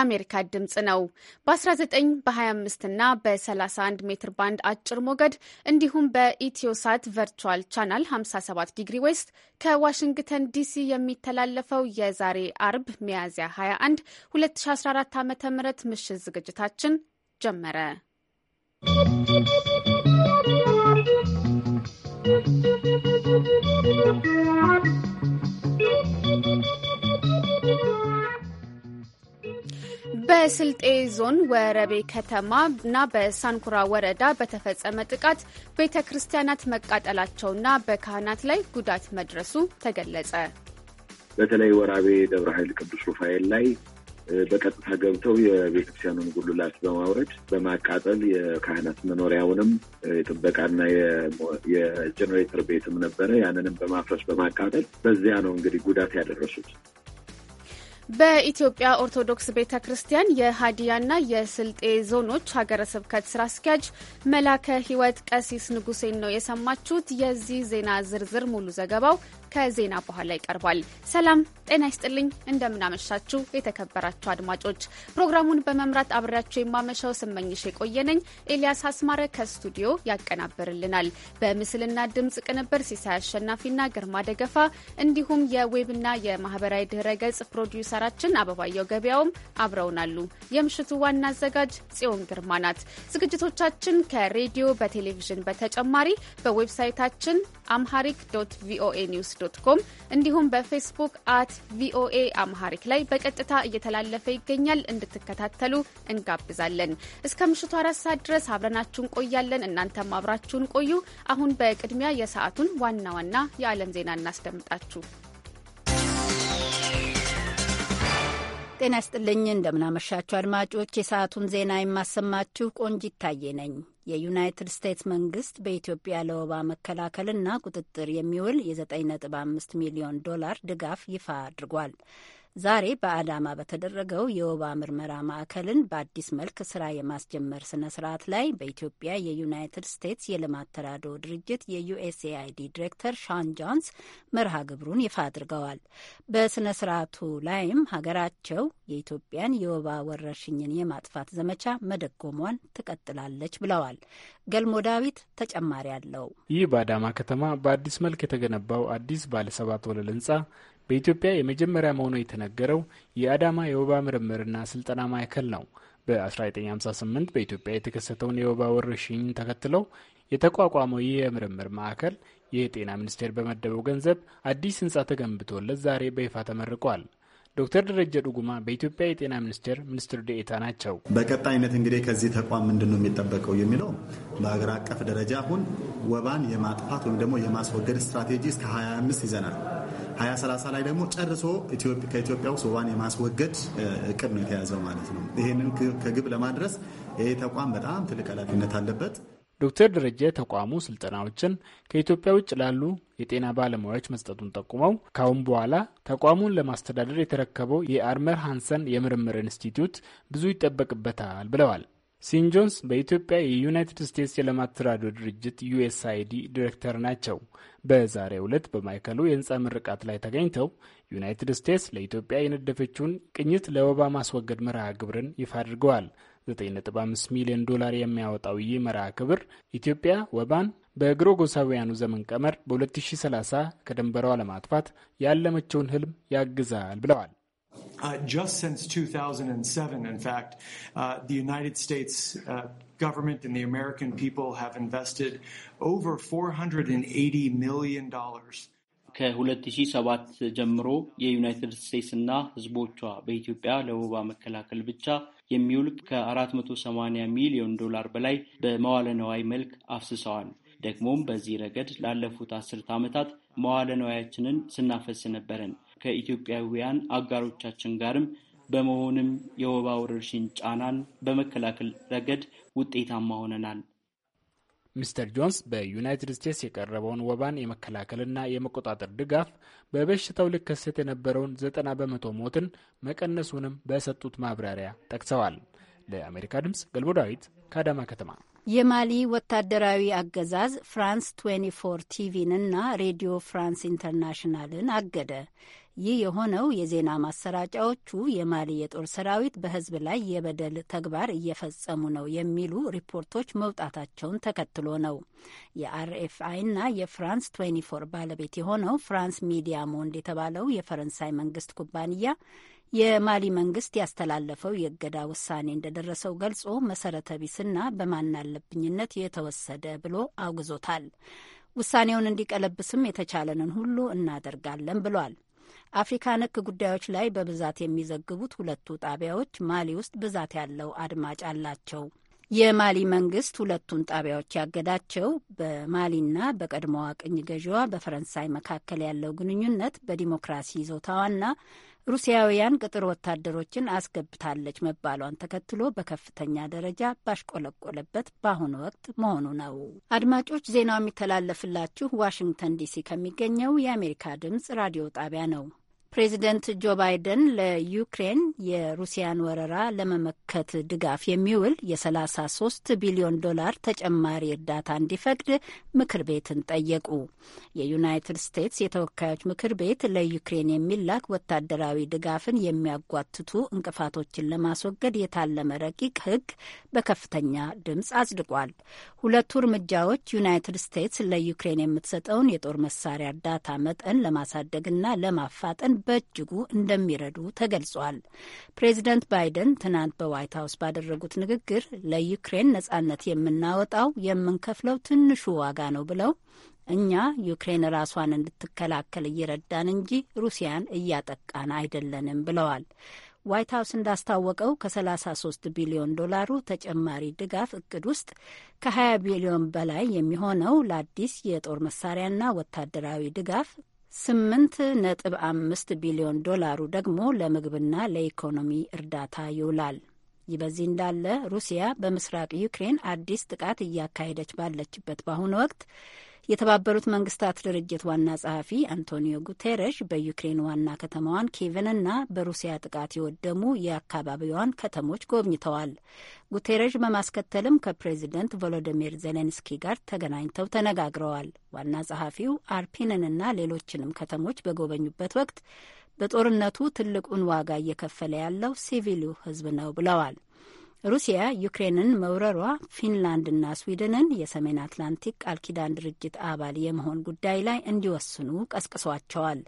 የአሜሪካ ድምፅ ነው። በ19 በ25 እና በ31 ሜትር ባንድ አጭር ሞገድ እንዲሁም በኢትዮሳት ቨርቹዋል ቻናል 57 ዲግሪ ዌስት ከዋሽንግተን ዲሲ የሚተላለፈው የዛሬ አርብ ሚያዝያ 21 2014 ዓ ም ምሽት ዝግጅታችን ጀመረ። ¶¶ በስልጤ ዞን ወረቤ ከተማ እና በሳንኩራ ወረዳ በተፈጸመ ጥቃት ቤተ ክርስቲያናት መቃጠላቸውና በካህናት ላይ ጉዳት መድረሱ ተገለጸ። በተለይ ወራቤ ደብረ ኃይል ቅዱስ ሩፋኤል ላይ በቀጥታ ገብተው የቤተክርስቲያኑን ጉልላት በማውረድ በማቃጠል የካህናት መኖሪያውንም የጥበቃና የጀኔሬተር ቤትም ነበረ ያንንም በማፍረስ በማቃጠል በዚያ ነው እንግዲህ ጉዳት ያደረሱት። በኢትዮጵያ ኦርቶዶክስ ቤተ ክርስቲያን የሀዲያና የስልጤ ዞኖች ሀገረ ስብከት ስራ አስኪያጅ መላከ ሕይወት ቀሲስ ንጉሴን ነው የሰማችሁት። የዚህ ዜና ዝርዝር ሙሉ ዘገባው ከዜና በኋላ ይቀርባል። ሰላም ጤና ይስጥልኝ። እንደምናመሻችሁ የተከበራችሁ አድማጮች፣ ፕሮግራሙን በመምራት አብሬያችሁ የማመሻው ስመኝሽ የቆየነኝ። ኤልያስ አስማረ ከስቱዲዮ ያቀናብርልናል። በምስልና ድምፅ ቅንብር ሲሳይ አሸናፊና ግርማ ደገፋ እንዲሁም የዌብና የማህበራዊ ድህረ ገጽ ፕሮዲውሰር ሪፖርተራችን አበባየው ገበያውም አብረውናሉ። የምሽቱ ዋና አዘጋጅ ጽዮን ግርማ ናት። ዝግጅቶቻችን ከሬዲዮ በቴሌቪዥን በተጨማሪ በዌብሳይታችን አምሃሪክ ዶት ቪኦኤ ኒውስ ዶት ኮም እንዲሁም በፌስቡክ አት ቪኦኤ አምሃሪክ ላይ በቀጥታ እየተላለፈ ይገኛል። እንድትከታተሉ እንጋብዛለን። እስከ ምሽቱ አራት ሰዓት ድረስ አብረናችሁ ቆያለን እናንተም አብራችሁን ቆዩ። አሁን በቅድሚያ የሰዓቱን ዋና ዋና የዓለም ዜና እናስደምጣችሁ። ጤና ይስጥልኝ። እንደምናመሻችሁ አድማጮች፣ የሰዓቱን ዜና የማሰማችሁ ቆንጅ ይታየ። ነኝ። የዩናይትድ ስቴትስ መንግስት በኢትዮጵያ ለወባ መከላከልና ቁጥጥር የሚውል የ9.5 ሚሊዮን ዶላር ድጋፍ ይፋ አድርጓል። ዛሬ በአዳማ በተደረገው የወባ ምርመራ ማዕከልን በአዲስ መልክ ስራ የማስጀመር ስነ ስርዓት ላይ በኢትዮጵያ የዩናይትድ ስቴትስ የልማት ተራድኦ ድርጅት የዩኤስኤአይዲ ዲሬክተር ሻን ጆንስ መርሃ ግብሩን ይፋ አድርገዋል። በስነ ስርዓቱ ላይም ሀገራቸው የኢትዮጵያን የወባ ወረርሽኝን የማጥፋት ዘመቻ መደጎሟን ትቀጥላለች ብለዋል። ገልሞ ዳዊት ተጨማሪ አለው። ይህ በአዳማ ከተማ በአዲስ መልክ የተገነባው አዲስ ባለሰባት ወለል ህንጻ በኢትዮጵያ የመጀመሪያ መሆኑ የተነገረው የአዳማ የወባ ምርምርና ስልጠና ማዕከል ነው። በ1958 በኢትዮጵያ የተከሰተውን የወባ ወረርሽኝ ተከትለው የተቋቋመው ይህ የምርምር ማዕከል የጤና ሚኒስቴር በመደበው ገንዘብ አዲስ ህንፃ ተገንብቶለት ዛሬ በይፋ ተመርቋል። ዶክተር ደረጀ ዱጉማ በኢትዮጵያ የጤና ሚኒስቴር ሚኒስትር ዴኤታ ናቸው። በቀጣይነት እንግዲህ ከዚህ ተቋም ምንድን ነው የሚጠበቀው የሚለው በሀገር አቀፍ ደረጃ አሁን ወባን የማጥፋት ወይም ደግሞ የማስወገድ ስትራቴጂ እስከ 25 ይዘናል። 2030 ላይ ደግሞ ጨርሶ ከኢትዮጵያ ውስጥ ወባን የማስወገድ እቅድ ነው የተያዘው ማለት ነው። ይህንን ከግብ ለማድረስ ይህ ተቋም በጣም ትልቅ ኃላፊነት አለበት። ዶክተር ደረጀ ተቋሙ ስልጠናዎችን ከኢትዮጵያ ውጭ ላሉ የጤና ባለሙያዎች መስጠቱን ጠቁመው ካሁን በኋላ ተቋሙን ለማስተዳደር የተረከበው የአርመር ሃንሰን የምርምር ኢንስቲትዩት ብዙ ይጠበቅበታል ብለዋል። ሲን ጆንስ በኢትዮጵያ የዩናይትድ ስቴትስ የልማት ተራድኦ ድርጅት ዩኤስአይዲ ዲሬክተር ናቸው። በዛሬው ዕለት በማዕከሉ የህንፃ ምርቃት ላይ ተገኝተው ዩናይትድ ስቴትስ ለኢትዮጵያ የነደፈችውን ቅኝት ለወባ ማስወገድ መርሃ ግብርን ይፋ አድርገዋል። 9.5 ሚሊዮን ዶላር የሚያወጣው ይህ መርሃ ግብር ኢትዮጵያ ወባን በግሮጎሳውያኑ ዘመን ቀመር በ2030 ከድንበሯ ለማጥፋት ያለመችውን ህልም ያግዛል ብለዋል። Uh, just since 2007, in fact, uh, the United States uh, government and the American people have invested over 480 million dollars. ከ2007 ጀምሮ የዩናይትድ ስቴትስና ህዝቦቿ በኢትዮጵያ ለወባ መከላከል ብቻ የሚውል ከ480 ሚሊዮን ዶላር በላይ በመዋለ ነዋይ መልክ አፍስሰዋል። ደግሞም በዚህ ረገድ ላለፉት አስርተ ዓመታት መዋለ ነዋያችንን ስናፈስ ነበረን። ከኢትዮጵያውያን አጋሮቻችን ጋርም በመሆንም የወባ ወረርሽኝ ጫናን በመከላከል ረገድ ውጤታማ ሆነናል። ሚስተር ጆንስ በዩናይትድ ስቴትስ የቀረበውን ወባን የመከላከልና የመቆጣጠር ድጋፍ በበሽታው ሊከሰት የነበረውን ዘጠና በመቶ ሞትን መቀነሱንም በሰጡት ማብራሪያ ጠቅሰዋል። ለአሜሪካ ድምፅ ገልሞ ዳዊት ከአዳማ ከተማ። የማሊ ወታደራዊ አገዛዝ ፍራንስ 24 ቲቪን እና ሬዲዮ ፍራንስ ኢንተርናሽናልን አገደ። ይህ የሆነው የዜና ማሰራጫዎቹ የማሊ የጦር ሰራዊት በህዝብ ላይ የበደል ተግባር እየፈጸሙ ነው የሚሉ ሪፖርቶች መውጣታቸውን ተከትሎ ነው። የአርኤፍአይና የፍራንስ 24 ባለቤት የሆነው ፍራንስ ሚዲያ ሞንድ የተባለው የፈረንሳይ መንግስት ኩባንያ የማሊ መንግስት ያስተላለፈው የእገዳ ውሳኔ እንደደረሰው ገልጾ መሰረተ ቢስና በማናለብኝነት የተወሰደ ብሎ አውግዞታል። ውሳኔውን እንዲቀለብስም የተቻለንን ሁሉ እናደርጋለን ብሏል። አፍሪካ ነክ ጉዳዮች ላይ በብዛት የሚዘግቡት ሁለቱ ጣቢያዎች ማሊ ውስጥ ብዛት ያለው አድማጭ አላቸው። የማሊ መንግስት ሁለቱን ጣቢያዎች ያገዳቸው በማሊና በቀድሞዋ ቅኝ ገዢዋ በፈረንሳይ መካከል ያለው ግንኙነት በዲሞክራሲ ይዞታዋና ሩሲያውያን ቅጥር ወታደሮችን አስገብታለች መባሏን ተከትሎ በከፍተኛ ደረጃ ባሽቆለቆለበት በአሁኑ ወቅት መሆኑ ነው። አድማጮች፣ ዜናው የሚተላለፍላችሁ ዋሽንግተን ዲሲ ከሚገኘው የአሜሪካ ድምጽ ራዲዮ ጣቢያ ነው። ፕሬዚደንት ጆ ባይደን ለዩክሬን የሩሲያን ወረራ ለመመከት ድጋፍ የሚውል የ33 ቢሊዮን ዶላር ተጨማሪ እርዳታ እንዲፈቅድ ምክር ቤትን ጠየቁ። የዩናይትድ ስቴትስ የተወካዮች ምክር ቤት ለዩክሬን የሚላክ ወታደራዊ ድጋፍን የሚያጓትቱ እንቅፋቶችን ለማስወገድ የታለመ ረቂቅ ሕግ በከፍተኛ ድምፅ አጽድቋል። ሁለቱ እርምጃዎች ዩናይትድ ስቴትስ ለዩክሬን የምትሰጠውን የጦር መሳሪያ እርዳታ መጠን ለማሳደግና ለማፋጠን በእጅጉ እንደሚረዱ ተገልጿል። ፕሬዚደንት ባይደን ትናንት በዋይት ሀውስ ባደረጉት ንግግር ለዩክሬን ነጻነት የምናወጣው የምንከፍለው ትንሹ ዋጋ ነው ብለው እኛ ዩክሬን ራሷን እንድትከላከል እየረዳን እንጂ ሩሲያን እያጠቃን አይደለንም ብለዋል። ዋይት ሀውስ እንዳስታወቀው ከ33 ቢሊዮን ዶላሩ ተጨማሪ ድጋፍ እቅድ ውስጥ ከ20 ቢሊዮን በላይ የሚሆነው ለአዲስ የጦር መሳሪያና ወታደራዊ ድጋፍ ስምንት ነጥብ አምስት ቢሊዮን ዶላሩ ደግሞ ለምግብና ለኢኮኖሚ እርዳታ ይውላል። ይህ በዚህ እንዳለ ሩሲያ በምስራቅ ዩክሬን አዲስ ጥቃት እያካሄደች ባለችበት በአሁኑ ወቅት የተባበሩት መንግስታት ድርጅት ዋና ጸሐፊ አንቶኒዮ ጉቴረሽ በዩክሬን ዋና ከተማዋን ኪቭንና በሩሲያ ጥቃት የወደሙ የአካባቢዋን ከተሞች ጎብኝተዋል። ጉቴረሽ በማስከተልም ከፕሬዚደንት ቮሎዲሚር ዜሌንስኪ ጋር ተገናኝተው ተነጋግረዋል። ዋና ጸሐፊው አርፒንንና ሌሎችንም ከተሞች በጎበኙበት ወቅት በጦርነቱ ትልቁን ዋጋ እየከፈለ ያለው ሲቪሉ ህዝብ ነው ብለዋል። ሩሲያ ዩክሬንን መውረሯ ፊንላንድና ስዊድንን የሰሜን አትላንቲክ ቃል ኪዳን ድርጅት አባል የመሆን ጉዳይ ላይ እንዲወስኑ ቀስቅሷቸዋል።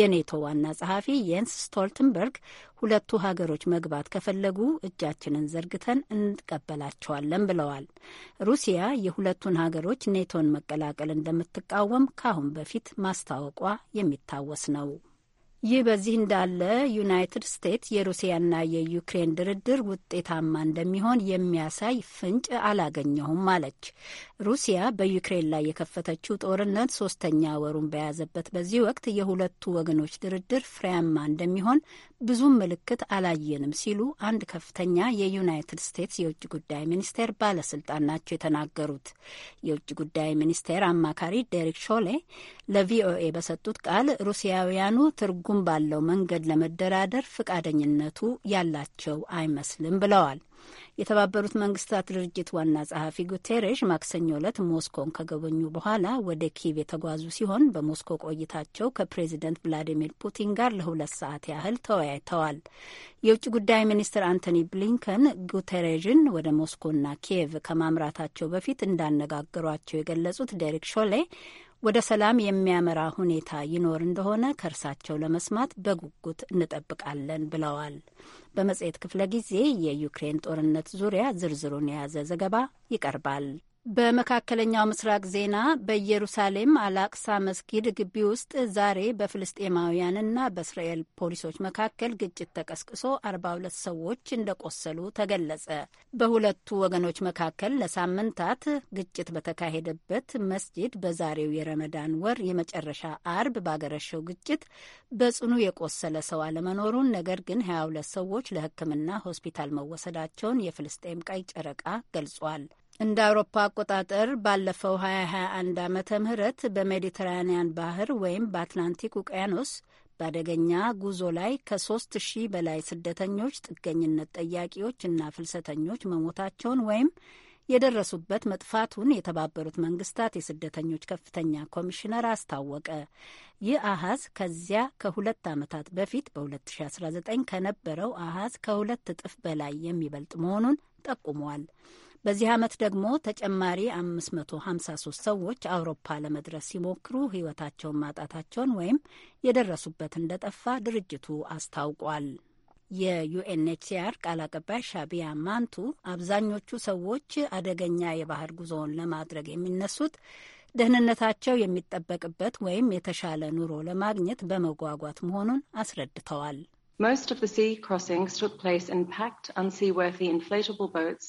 የኔቶ ዋና ጸሐፊ የንስ ስቶልትንበርግ ሁለቱ ሀገሮች መግባት ከፈለጉ እጃችንን ዘርግተን እንቀበላቸዋለን ብለዋል። ሩሲያ የሁለቱን ሀገሮች ኔቶን መቀላቀል እንደምትቃወም ከአሁን በፊት ማስታወቋ የሚታወስ ነው። ይህ በዚህ እንዳለ ዩናይትድ ስቴትስ የሩሲያና የዩክሬን ድርድር ውጤታማ እንደሚሆን የሚያሳይ ፍንጭ አላገኘሁም አለች። ሩሲያ በዩክሬን ላይ የከፈተችው ጦርነት ሶስተኛ ወሩን በያዘበት በዚህ ወቅት የሁለቱ ወገኖች ድርድር ፍሬያማ እንደሚሆን ብዙም ምልክት አላየንም ሲሉ አንድ ከፍተኛ የዩናይትድ ስቴትስ የውጭ ጉዳይ ሚኒስቴር ባለስልጣን ናቸው የተናገሩት። የውጭ ጉዳይ ሚኒስቴር አማካሪ ዴሪክ ሾሌ ለቪኦኤ በሰጡት ቃል ሩሲያውያኑ ትርጉ አሁን ባለው መንገድ ለመደራደር ፍቃደኝነቱ ያላቸው አይመስልም ብለዋል። የተባበሩት መንግስታት ድርጅት ዋና ጸሐፊ ጉቴሬሽ ማክሰኞ ዕለት ሞስኮን ከጎበኙ በኋላ ወደ ኪቭ የተጓዙ ሲሆን በሞስኮ ቆይታቸው ከፕሬዚደንት ቭላዲሚር ፑቲን ጋር ለሁለት ሰዓት ያህል ተወያይተዋል። የውጭ ጉዳይ ሚኒስትር አንቶኒ ብሊንከን ጉቴሬዥን ወደ ሞስኮና ኪየቭ ከማምራታቸው በፊት እንዳነጋገሯቸው የገለጹት ዴሪክ ሾሌ ወደ ሰላም የሚያመራ ሁኔታ ይኖር እንደሆነ ከእርሳቸው ለመስማት በጉጉት እንጠብቃለን ብለዋል። በመጽሔት ክፍለ ጊዜ የዩክሬን ጦርነት ዙሪያ ዝርዝሩን የያዘ ዘገባ ይቀርባል። በመካከለኛው ምስራቅ ዜና በኢየሩሳሌም አላቅሳ መስጊድ ግቢ ውስጥ ዛሬ በፍልስጤማውያንና በእስራኤል ፖሊሶች መካከል ግጭት ተቀስቅሶ 42 ሰዎች እንደቆሰሉ ተገለጸ። በሁለቱ ወገኖች መካከል ለሳምንታት ግጭት በተካሄደበት መስጂድ በዛሬው የረመዳን ወር የመጨረሻ አርብ ባገረሸው ግጭት በጽኑ የቆሰለ ሰው አለመኖሩን፣ ነገር ግን 22 ሰዎች ለሕክምና ሆስፒታል መወሰዳቸውን የፍልስጤም ቀይ ጨረቃ ገልጿል። እንደ አውሮፓ አቆጣጠር ባለፈው 2021 ዓ ም በሜዲትራኒያን ባህር ወይም በአትላንቲክ ውቅያኖስ በአደገኛ ጉዞ ላይ ከሶስት ሺህ በላይ ስደተኞች፣ ጥገኝነት ጠያቂዎች እና ፍልሰተኞች መሞታቸውን ወይም የደረሱበት መጥፋቱን የተባበሩት መንግስታት የስደተኞች ከፍተኛ ኮሚሽነር አስታወቀ። ይህ አሃዝ ከዚያ ከሁለት ዓመታት በፊት በ2019 ከነበረው አሃዝ ከሁለት እጥፍ በላይ የሚበልጥ መሆኑን ጠቁሟል። በዚህ ዓመት ደግሞ ተጨማሪ 553 ሰዎች አውሮፓ ለመድረስ ሲሞክሩ ሕይወታቸውን ማጣታቸውን ወይም የደረሱበት እንደጠፋ ድርጅቱ አስታውቋል። የዩኤንኤችሲአር ቃል አቀባይ ሻቢያ ማንቱ አብዛኞቹ ሰዎች አደገኛ የባህር ጉዞውን ለማድረግ የሚነሱት ደህንነታቸው የሚጠበቅበት ወይም የተሻለ ኑሮ ለማግኘት በመጓጓት መሆኑን አስረድተዋል። Most of the sea crossings took place in packed, unseaworthy inflatable boats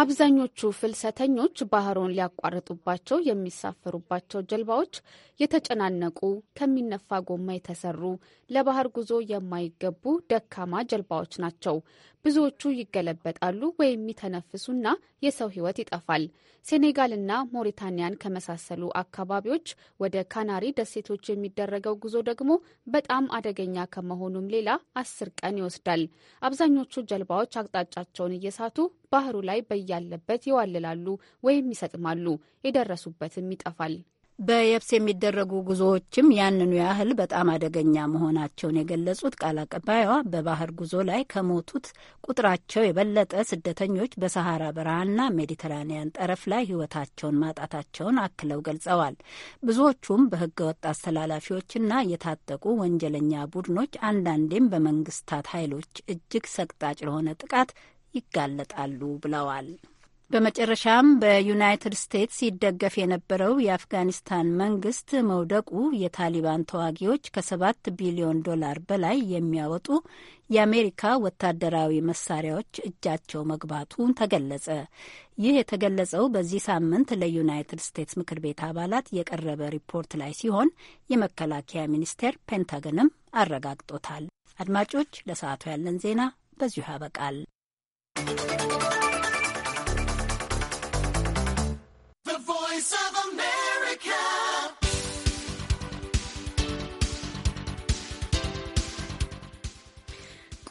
አብዛኞቹ ፍልሰተኞች ባህሩን ሊያቋርጡባቸው የሚሳፈሩባቸው ጀልባዎች የተጨናነቁ፣ ከሚነፋ ጎማ የተሰሩ፣ ለባህር ጉዞ የማይገቡ ደካማ ጀልባዎች ናቸው። ብዙዎቹ ይገለበጣሉ ወይም ይተነፍሱና የሰው ህይወት ይጠፋል። ሴኔጋልና ሞሪታንያን ከመሳሰሉ አካባቢዎች ወደ ካናሪ ደሴቶች የሚደረገው ጉዞ ደግሞ በጣም አደገኛ ከመሆኑም ሌላ አስር ቀን ይወስዳል። አብዛኞቹ ጀልባዎች አቅጣጫቸውን እየሳቱ ባህሩ ላይ በያለበት ይዋልላሉ ወይም ይሰጥማሉ። የደረሱበትም ይጠፋል። በየብስ የሚደረጉ ጉዞዎችም ያንኑ ያህል በጣም አደገኛ መሆናቸውን የገለጹት ቃል አቀባይዋ በባህር ጉዞ ላይ ከሞቱት ቁጥራቸው የበለጠ ስደተኞች በሰሐራ በረሃና ሜዲተራኒያን ጠረፍ ላይ ሕይወታቸውን ማጣታቸውን አክለው ገልጸዋል። ብዙዎቹም በህገወጥ አስተላላፊዎችና የታጠቁ ወንጀለኛ ቡድኖች አንዳንዴም በመንግስታት ኃይሎች እጅግ ሰቅጣጭ ለሆነ ጥቃት ይጋለጣሉ ብለዋል። በመጨረሻም በዩናይትድ ስቴትስ ይደገፍ የነበረው የአፍጋኒስታን መንግስት መውደቁ የታሊባን ተዋጊዎች ከሰባት ቢሊዮን ዶላር በላይ የሚያወጡ የአሜሪካ ወታደራዊ መሳሪያዎች እጃቸው መግባቱን ተገለጸ። ይህ የተገለጸው በዚህ ሳምንት ለዩናይትድ ስቴትስ ምክር ቤት አባላት የቀረበ ሪፖርት ላይ ሲሆን የመከላከያ ሚኒስቴር ፔንታገንም አረጋግጦታል። አድማጮች፣ ለሰዓቱ ያለን ዜና በዚሁ ያበቃል።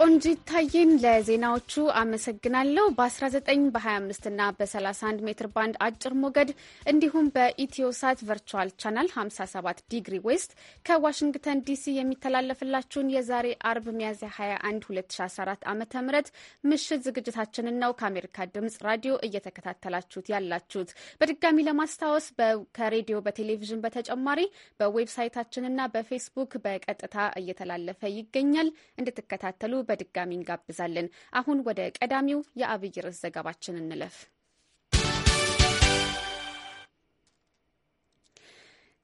ቆንጂ ታዬን ለዜናዎቹ አመሰግናለሁ። በ19 በ25 እና በ31 ሜትር ባንድ አጭር ሞገድ እንዲሁም በኢትዮሳት ቨርቹዋል ቻናል 57 ዲግሪ ዌስት ከዋሽንግተን ዲሲ የሚተላለፍላችሁን የዛሬ አርብ ሚያዝያ 21 2014 ዓ ም ምሽት ዝግጅታችንን ነው ከአሜሪካ ድምጽ ራዲዮ እየተከታተላችሁት ያላችሁት። በድጋሚ ለማስታወስ ከሬዲዮ በቴሌቪዥን በተጨማሪ በዌብሳይታችንና በፌስቡክ በቀጥታ እየተላለፈ ይገኛል እንድትከታተሉ በድጋሚ እንጋብዛለን። አሁን ወደ ቀዳሚው የአብይ ርዕስ ዘገባችን እንለፍ።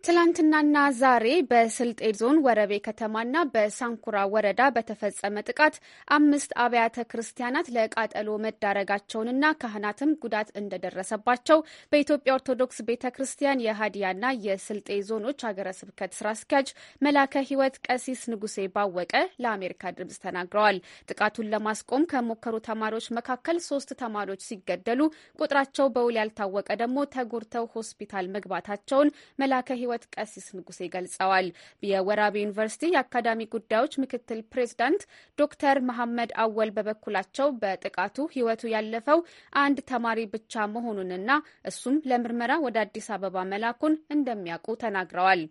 ትላንትናና ዛሬ በስልጤ ዞን ወረቤ ከተማና በሳንኩራ ወረዳ በተፈጸመ ጥቃት አምስት አብያተ ክርስቲያናት ለቃጠሎ መዳረጋቸውንና ካህናትም ጉዳት እንደደረሰባቸው በኢትዮጵያ ኦርቶዶክስ ቤተ ክርስቲያን የሀዲያና የስልጤ ዞኖች ሀገረ ስብከት ስራ አስኪያጅ መላከ ሕይወት ቀሲስ ንጉሴ ባወቀ ለአሜሪካ ድምጽ ተናግረዋል። ጥቃቱን ለማስቆም ከሞከሩ ተማሪዎች መካከል ሶስት ተማሪዎች ሲገደሉ ቁጥራቸው በውል ያልታወቀ ደግሞ ተጎድተው ሆስፒታል መግባታቸውን መላከ ሕይወት ህይወት ቀሲስ ንጉሴ ገልጸዋል። የወራቤ ዩኒቨርሲቲ የአካዳሚ ጉዳዮች ምክትል ፕሬዝዳንት ዶክተር መሐመድ አወል በበኩላቸው በጥቃቱ ህይወቱ ያለፈው አንድ ተማሪ ብቻ መሆኑንና እሱም ለምርመራ ወደ አዲስ አበባ መላኩን እንደሚያውቁ ተናግረዋል።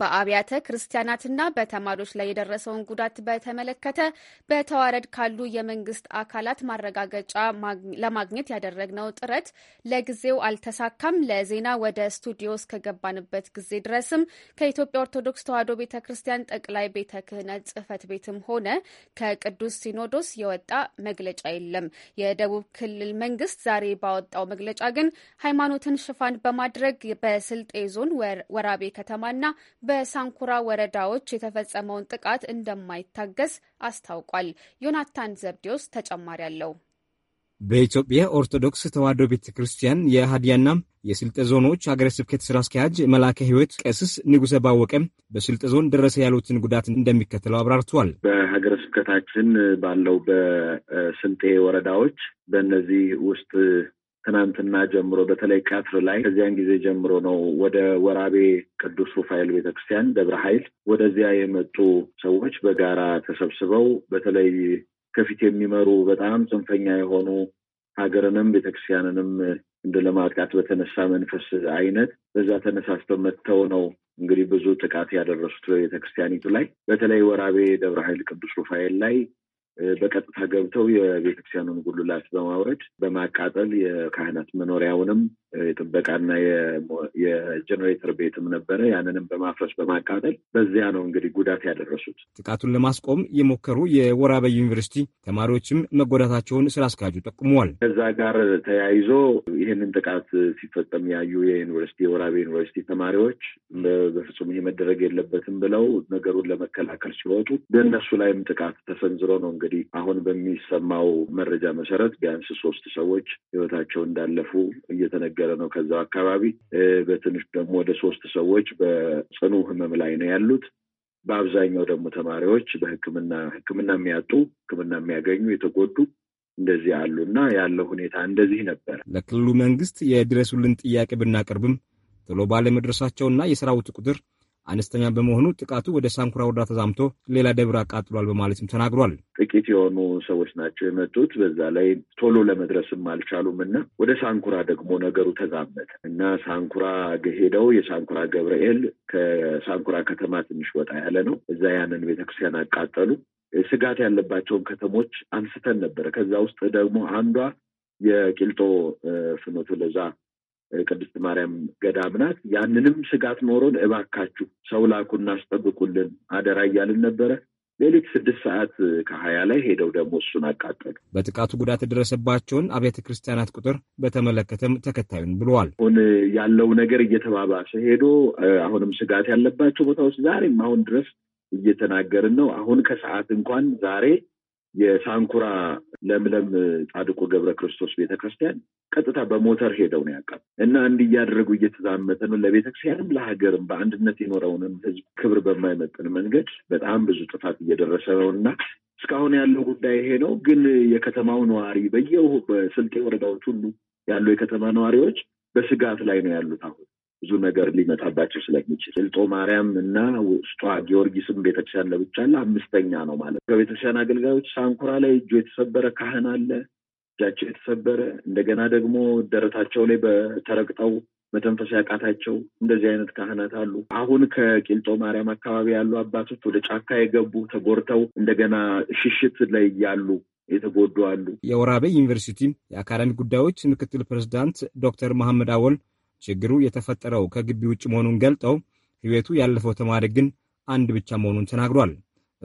በአብያተ ክርስቲያናትና በተማሪዎች ላይ የደረሰውን ጉዳት በተመለከተ በተዋረድ ካሉ የመንግስት አካላት ማረጋገጫ ለማግኘት ያደረግነው ጥረት ለጊዜው አልተሳካም። ለዜና ወደ ስቱዲዮ እስከገባንበት ጊዜ ድረስም ከኢትዮጵያ ኦርቶዶክስ ተዋሕዶ ቤተ ክርስቲያን ጠቅላይ ቤተ ክህነት ጽሕፈት ቤትም ሆነ ከቅዱስ ሲኖዶስ የወጣ መግለጫ የለም። የደቡብ ክልል መንግስት ዛሬ ባወጣው መግለጫ ግን ሃይማኖትን ሽፋን በማድረግ በስልጤ ዞን ወራቤ ከተማና በሳንኩራ ወረዳዎች የተፈጸመውን ጥቃት እንደማይታገስ አስታውቋል። ዮናታን ዘብዴዎስ ተጨማሪ አለው። በኢትዮጵያ ኦርቶዶክስ ተዋሕዶ ቤተ ክርስቲያን የሃዲያና የስልጠ ዞኖች ሀገረ ስብከት ስራ አስኪያጅ መላከ ሕይወት ቀስስ ንጉሰ ባወቀ በስልጠ ዞን ደረሰ ያሉትን ጉዳት እንደሚከተለው አብራርተዋል። በሀገረ ስብከታችን ባለው በስልጤ ወረዳዎች በእነዚህ ውስጥ ትናንትና ጀምሮ በተለይ ቀትር ላይ ከዚያን ጊዜ ጀምሮ ነው ወደ ወራቤ ቅዱስ ሩፋኤል ቤተክርስቲያን ደብረ ኃይል ወደዚያ የመጡ ሰዎች በጋራ ተሰብስበው በተለይ ከፊት የሚመሩ በጣም ጽንፈኛ የሆኑ ሀገርንም ቤተክርስቲያንንም እንደ ለማጥቃት በተነሳ መንፈስ አይነት በዛ ተነሳስተው መጥተው ነው እንግዲህ ብዙ ጥቃት ያደረሱት በቤተክርስቲያኒቱ ላይ በተለይ ወራቤ ደብረ ኃይል ቅዱስ ሩፋኤል ላይ በቀጥታ ገብተው የቤተክርስቲያኑን ጉልላት በማውረድ በማቃጠል የካህናት መኖሪያውንም የጥበቃና የጀኔሬተር ቤትም ነበረ። ያንንም በማፍረስ በማቃጠል በዚያ ነው እንግዲህ ጉዳት ያደረሱት። ጥቃቱን ለማስቆም የሞከሩ የወራቤ ዩኒቨርሲቲ ተማሪዎችም መጎዳታቸውን ስራ አስኪያጁ ጠቁመዋል። ከዛ ጋር ተያይዞ ይህንን ጥቃት ሲፈጸም ያዩ የዩኒቨርሲቲ የወራቤ ዩኒቨርሲቲ ተማሪዎች በፍጹም ይህ መደረግ የለበትም ብለው ነገሩን ለመከላከል ሲወጡ በእነሱ ላይም ጥቃት ተሰንዝሮ ነው እንግዲህ አሁን በሚሰማው መረጃ መሰረት ቢያንስ ሶስት ሰዎች ህይወታቸው እንዳለፉ እየተነገ እየተቸገረ ነው ከዛው አካባቢ። በትንሽ ደግሞ ወደ ሶስት ሰዎች በጽኑ ህመም ላይ ነው ያሉት። በአብዛኛው ደግሞ ተማሪዎች በህክምና ህክምና የሚያጡ ህክምና የሚያገኙ የተጎዱ እንደዚህ አሉ እና ያለው ሁኔታ እንደዚህ ነበር። ለክልሉ መንግስት የድረሱልን ጥያቄ ብናቀርብም ቶሎ ባለመድረሳቸውና የሰራዊቱ ቁጥር አነስተኛ በመሆኑ ጥቃቱ ወደ ሳንኩራ ወረዳ ተዛምቶ ሌላ ደብር አቃጥሏል በማለትም ተናግሯል። ጥቂት የሆኑ ሰዎች ናቸው የመጡት። በዛ ላይ ቶሎ ለመድረስም አልቻሉም እና ወደ ሳንኩራ ደግሞ ነገሩ ተዛመተ እና ሳንኩራ ሄደው የሳንኩራ ገብርኤል ከሳንኩራ ከተማ ትንሽ ወጣ ያለ ነው። እዛ ያንን ቤተክርስቲያን አቃጠሉ። ስጋት ያለባቸውን ከተሞች አንስተን ነበረ። ከዛ ውስጥ ደግሞ አንዷ የቂልጦ ፍኖተ ሎዛ ቅድስት ማርያም ገዳም ናት። ያንንም ስጋት ኖሮን እባካችሁ ሰው ላኩና አስጠብቁልን አደራ እያልን ነበረ። ሌሊት ስድስት ሰዓት ከሀያ ላይ ሄደው ደግሞ እሱን አቃጠሉ። በጥቃቱ ጉዳት የደረሰባቸውን አብያተ ክርስቲያናት ቁጥር በተመለከተም ተከታዩን ብለዋል። አሁን ያለው ነገር እየተባባሰ ሄዶ አሁንም ስጋት ያለባቸው ቦታዎች ዛሬም አሁን ድረስ እየተናገርን ነው። አሁን ከሰዓት እንኳን ዛሬ የሳንኩራ ለምለም ጻድቁ ገብረ ክርስቶስ ቤተክርስቲያን ቀጥታ በሞተር ሄደው ነው ያውቃል እና እንዲህ እያደረጉ እየተዛመተ ነው ለቤተክርስቲያንም ለሀገርም በአንድነት የኖረውንም ህዝብ ክብር በማይመጥን መንገድ በጣም ብዙ ጥፋት እየደረሰ ነው እና እስካሁን ያለው ጉዳይ ይሄ ነው። ግን የከተማው ነዋሪ በየው በስልጤ ወረዳዎች ሁሉ ያሉ የከተማ ነዋሪዎች በስጋት ላይ ነው ያሉት አሁን ብዙ ነገር ሊመጣባቸው ስለሚችል ልጦ ማርያም እና ውስጧ ጊዮርጊስም ቤተክርስቲያን ለብቻለ አምስተኛ ነው ማለት ከቤተክርስቲያን አገልጋዮች ሳንኩራ ላይ እጁ የተሰበረ ካህን አለ። እጃቸው የተሰበረ እንደገና ደግሞ ደረታቸው ላይ በተረግጠው መተንፈስ ያቃታቸው እንደዚህ አይነት ካህናት አሉ። አሁን ከቂልጦ ማርያም አካባቢ ያሉ አባቶች ወደ ጫካ የገቡ ተጎድተው እንደገና ሽሽት ላይ ያሉ የተጎዱ አሉ። የወራቤ ዩኒቨርሲቲ የአካዳሚ ጉዳዮች ምክትል ፕሬዚዳንት ዶክተር መሐመድ አወል ችግሩ የተፈጠረው ከግቢ ውጭ መሆኑን ገልጠው ህይወቱ ያለፈው ተማሪ ግን አንድ ብቻ መሆኑን ተናግሯል።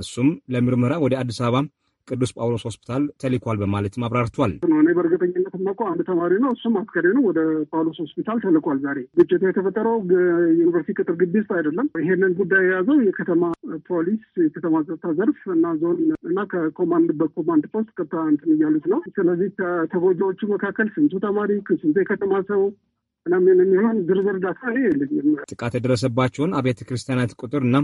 እሱም ለምርመራ ወደ አዲስ አበባ ቅዱስ ጳውሎስ ሆስፒታል ተልኳል በማለት አብራርቷል። እኔ በእርግጠኝነት የማውቀው አንድ ተማሪ ነው። እሱም አስከሬኑ ወደ ጳውሎስ ሆስፒታል ተልኳል። ዛሬ ግጭቱ የተፈጠረው ዩኒቨርሲቲ ቅጥር ግቢ ውስጥ አይደለም። ይሄንን ጉዳይ የያዘው የከተማ ፖሊስ፣ የከተማ ጸጥታ ዘርፍ እና ዞን እና ከኮማንድ በኮማንድ ፖስት ቅጥታ እንትን እያሉት ነው። ስለዚህ ከተጎጂዎቹ መካከል ስንቱ ተማሪ ስንቱ የከተማ ሰው ምናምን የሚሆን ዝርዝር ዳታ የለኝም። ጥቃት የደረሰባቸውን አብያተ ክርስቲያናት እና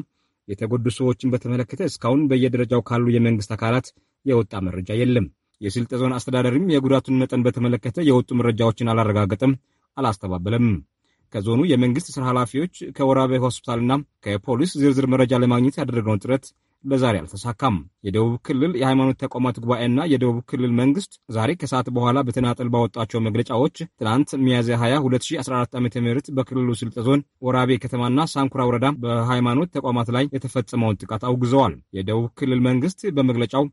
የተጎዱ ሰዎችን በተመለከተ እስካሁን በየደረጃው ካሉ የመንግስት አካላት የወጣ መረጃ የለም። የስልጠ ዞን አስተዳደርም የጉዳቱን መጠን በተመለከተ የወጡ መረጃዎችን አላረጋገጠም፣ አላስተባበለም። ከዞኑ የመንግስት ስራ ኃላፊዎች ከወራቤ ሆስፒታልና ከፖሊስ ዝርዝር መረጃ ለማግኘት ያደረግነው ጥረት ለዛሬ አልተሳካም። የደቡብ ክልል የሃይማኖት ተቋማት ጉባኤና የደቡብ ክልል መንግስት ዛሬ ከሰዓት በኋላ በተናጠል ባወጣቸው መግለጫዎች ትናንት ሚያዝያ 20 2014 ዓ ም በክልሉ ስልጠ ዞን ወራቤ ከተማና ሳንኩራ ወረዳ በሃይማኖት ተቋማት ላይ የተፈጸመውን ጥቃት አውግዘዋል። የደቡብ ክልል መንግስት በመግለጫው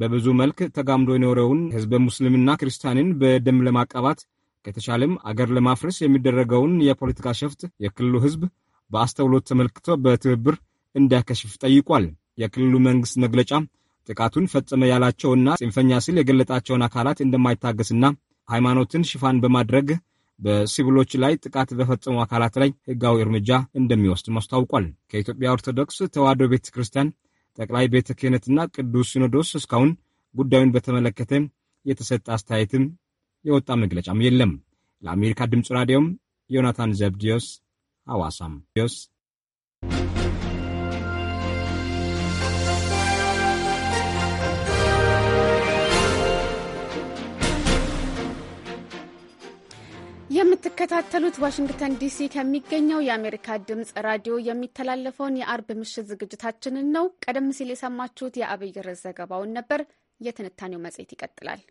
በብዙ መልክ ተጋምዶ የኖረውን ህዝበ ሙስሊምና ክርስቲያንን በደም ለማቀባት ከተቻለም አገር ለማፍረስ የሚደረገውን የፖለቲካ ሸፍት የክልሉ ህዝብ በአስተውሎት ተመልክቶ በትብብር እንዲያከሽፍ ጠይቋል። የክልሉ መንግስት መግለጫ ጥቃቱን ፈጸመ ያላቸውና ጽንፈኛ ሲል የገለጣቸውን አካላት እንደማይታገስና ሃይማኖትን ሽፋን በማድረግ በሲቪሎች ላይ ጥቃት በፈጸሙ አካላት ላይ ህጋዊ እርምጃ እንደሚወስድ አስታውቋል። ከኢትዮጵያ ኦርቶዶክስ ተዋሕዶ ቤተ ክርስቲያን ጠቅላይ ቤተ ክህነትና ቅዱስ ሲኖዶስ እስካሁን ጉዳዩን በተመለከተ የተሰጠ አስተያየትም የወጣ መግለጫም የለም። ለአሜሪካ ድምፅ ራዲዮም ዮናታን ዘብዲዮስ ሐዋሳም ዲዮስ የምትከታተሉት ዋሽንግተን ዲሲ ከሚገኘው የአሜሪካ ድምፅ ራዲዮ የሚተላለፈውን የአርብ ምሽት ዝግጅታችንን ነው። ቀደም ሲል የሰማችሁት የአብይ ርዕስ ዘገባውን ነበር። የትንታኔው መጽሔት ይቀጥላል።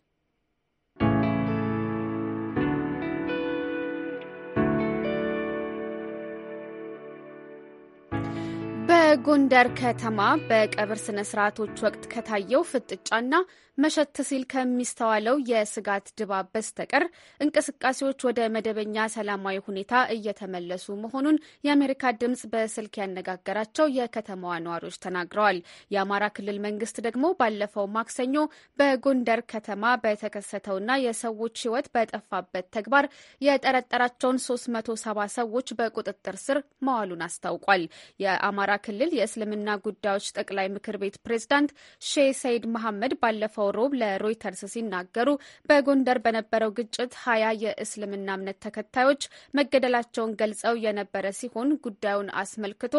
በጎንደር ከተማ በቀብር ስነ ስርዓቶች ወቅት ከታየው ፍጥጫና መሸት ሲል ከሚስተዋለው የስጋት ድባብ በስተቀር እንቅስቃሴዎች ወደ መደበኛ ሰላማዊ ሁኔታ እየተመለሱ መሆኑን የአሜሪካ ድምጽ በስልክ ያነጋገራቸው የከተማዋ ነዋሪዎች ተናግረዋል። የአማራ ክልል መንግስት ደግሞ ባለፈው ማክሰኞ በጎንደር ከተማ በተከሰተውና የሰዎች ሕይወት በጠፋበት ተግባር የጠረጠራቸውን 370 ሰዎች በቁጥጥር ስር መዋሉን አስታውቋል። የአማራ ክልል ክልል የእስልምና ጉዳዮች ጠቅላይ ምክር ቤት ፕሬዝዳንት ሼህ ሰይድ መሐመድ ባለፈው ሮብ ለሮይተርስ ሲናገሩ በጎንደር በነበረው ግጭት ሀያ የእስልምና እምነት ተከታዮች መገደላቸውን ገልጸው የነበረ ሲሆን ጉዳዩን አስመልክቶ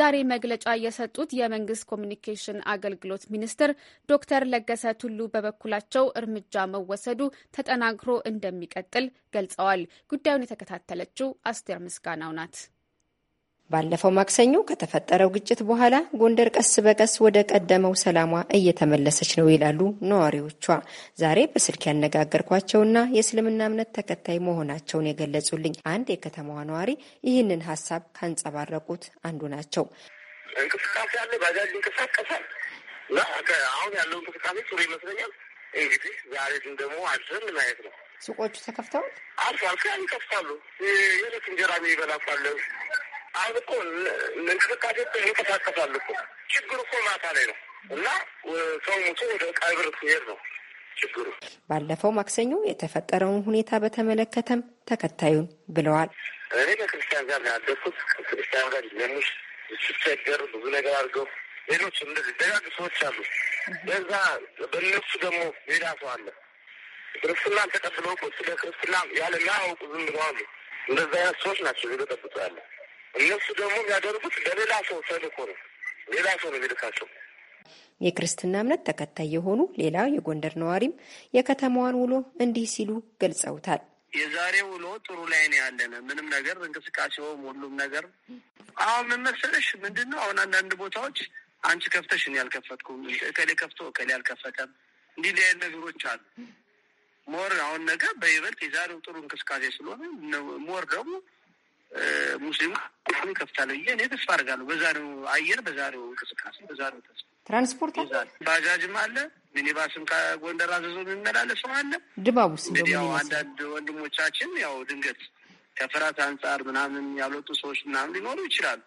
ዛሬ መግለጫ የሰጡት የመንግስት ኮሚኒኬሽን አገልግሎት ሚኒስትር ዶክተር ለገሰ ቱሉ በበኩላቸው እርምጃ መወሰዱ ተጠናክሮ እንደሚቀጥል ገልጸዋል። ጉዳዩን የተከታተለችው አስቴር ምስጋናው ናት። ባለፈው ማክሰኞ ከተፈጠረው ግጭት በኋላ ጎንደር ቀስ በቀስ ወደ ቀደመው ሰላሟ እየተመለሰች ነው ይላሉ ነዋሪዎቿ። ዛሬ በስልክ ያነጋገርኳቸውና የእስልምና እምነት ተከታይ መሆናቸውን የገለጹልኝ አንድ የከተማዋ ነዋሪ ይህንን ሀሳብ ካንጸባረቁት አንዱ ናቸው። እንቅስቃሴ አለ፣ ባጃጅ ይንቀሳቀሳል አሁን ያለው እንቅስቃሴ ጥሩ ይመስለኛል። እንግዲህ ዛሬ ግን ደግሞ አድረን ማየት ነው። ሱቆቹ ተከፍተዋል፣ አልፎ አልፎ ይከፍታሉ። የዕለት እንጀራ የሚበላፋለን አሁን እኮ እንቅስቃሴ እኮ ይንቀሳቀሳል እኮ ችግሩ እኮ ማታ ላይ ነው እና ሰው ሙቶ ወደ ቀብር ሄድ ነው ችግሩ። ባለፈው ማክሰኞ የተፈጠረውን ሁኔታ በተመለከተም ተከታዩን ብለዋል። እኔ ከክርስቲያን ጋር ነው ያደግኩት። ክርስቲያን ጋር ለሙሽ ስቸገር ብዙ ነገር አድርገው ሌሎች እንደዚህ ደጋግ ሰዎች አሉ። በዛ በነሱ ደግሞ ሌላ ሰው አለ ክርስትናን ተቀብለው ስለ ክርስትና ያለ ያውቁ ዝም ብለዋሉ። እንደዛ አይነት ሰዎች ናቸው ሊበጠብጡ ያለ እነሱ ደግሞ የሚያደርጉት ለሌላ ሰው ተልኮ ነው። ሌላ ሰው ነው የሚልካቸው። የክርስትና እምነት ተከታይ የሆኑ ሌላ የጎንደር ነዋሪም የከተማዋን ውሎ እንዲህ ሲሉ ገልጸውታል። የዛሬ ውሎ ጥሩ ላይ ነው ያለን። ምንም ነገር እንቅስቃሴውም፣ ሁሉም ነገር አሁን ምን መሰለሽ ምንድን ነው አሁን አንዳንድ ቦታዎች አንቺ ከፍተሽ እኔ አልከፈትኩም፣ እከሌ ከፍቶ እከሌ አልከፈተም፣ እንዲህ ሊያይል ነገሮች አሉ። ሞር አሁን ነገር በይበልጥ የዛሬው ጥሩ እንቅስቃሴ ስለሆነ ሞር ደግሞ ሙስሊም ክፍሉ ይከፍታል ብዬ እኔ ተስፋ አድርጋለሁ። በዛሬው አየር፣ በዛሬው እንቅስቃሴ፣ በዛሬው ተስፋ ትራንስፖርት አለ፣ ባጃጅም አለ ሚኒባስም ከጎንደር አዘዞ የሚመላለሰው አለ። ድባቡስ ያው አንዳንድ ወንድሞቻችን ያው ድንገት ከፍርሃት አንጻር ምናምን ያልወጡ ሰዎች ምናምን ሊኖሩ ይችላሉ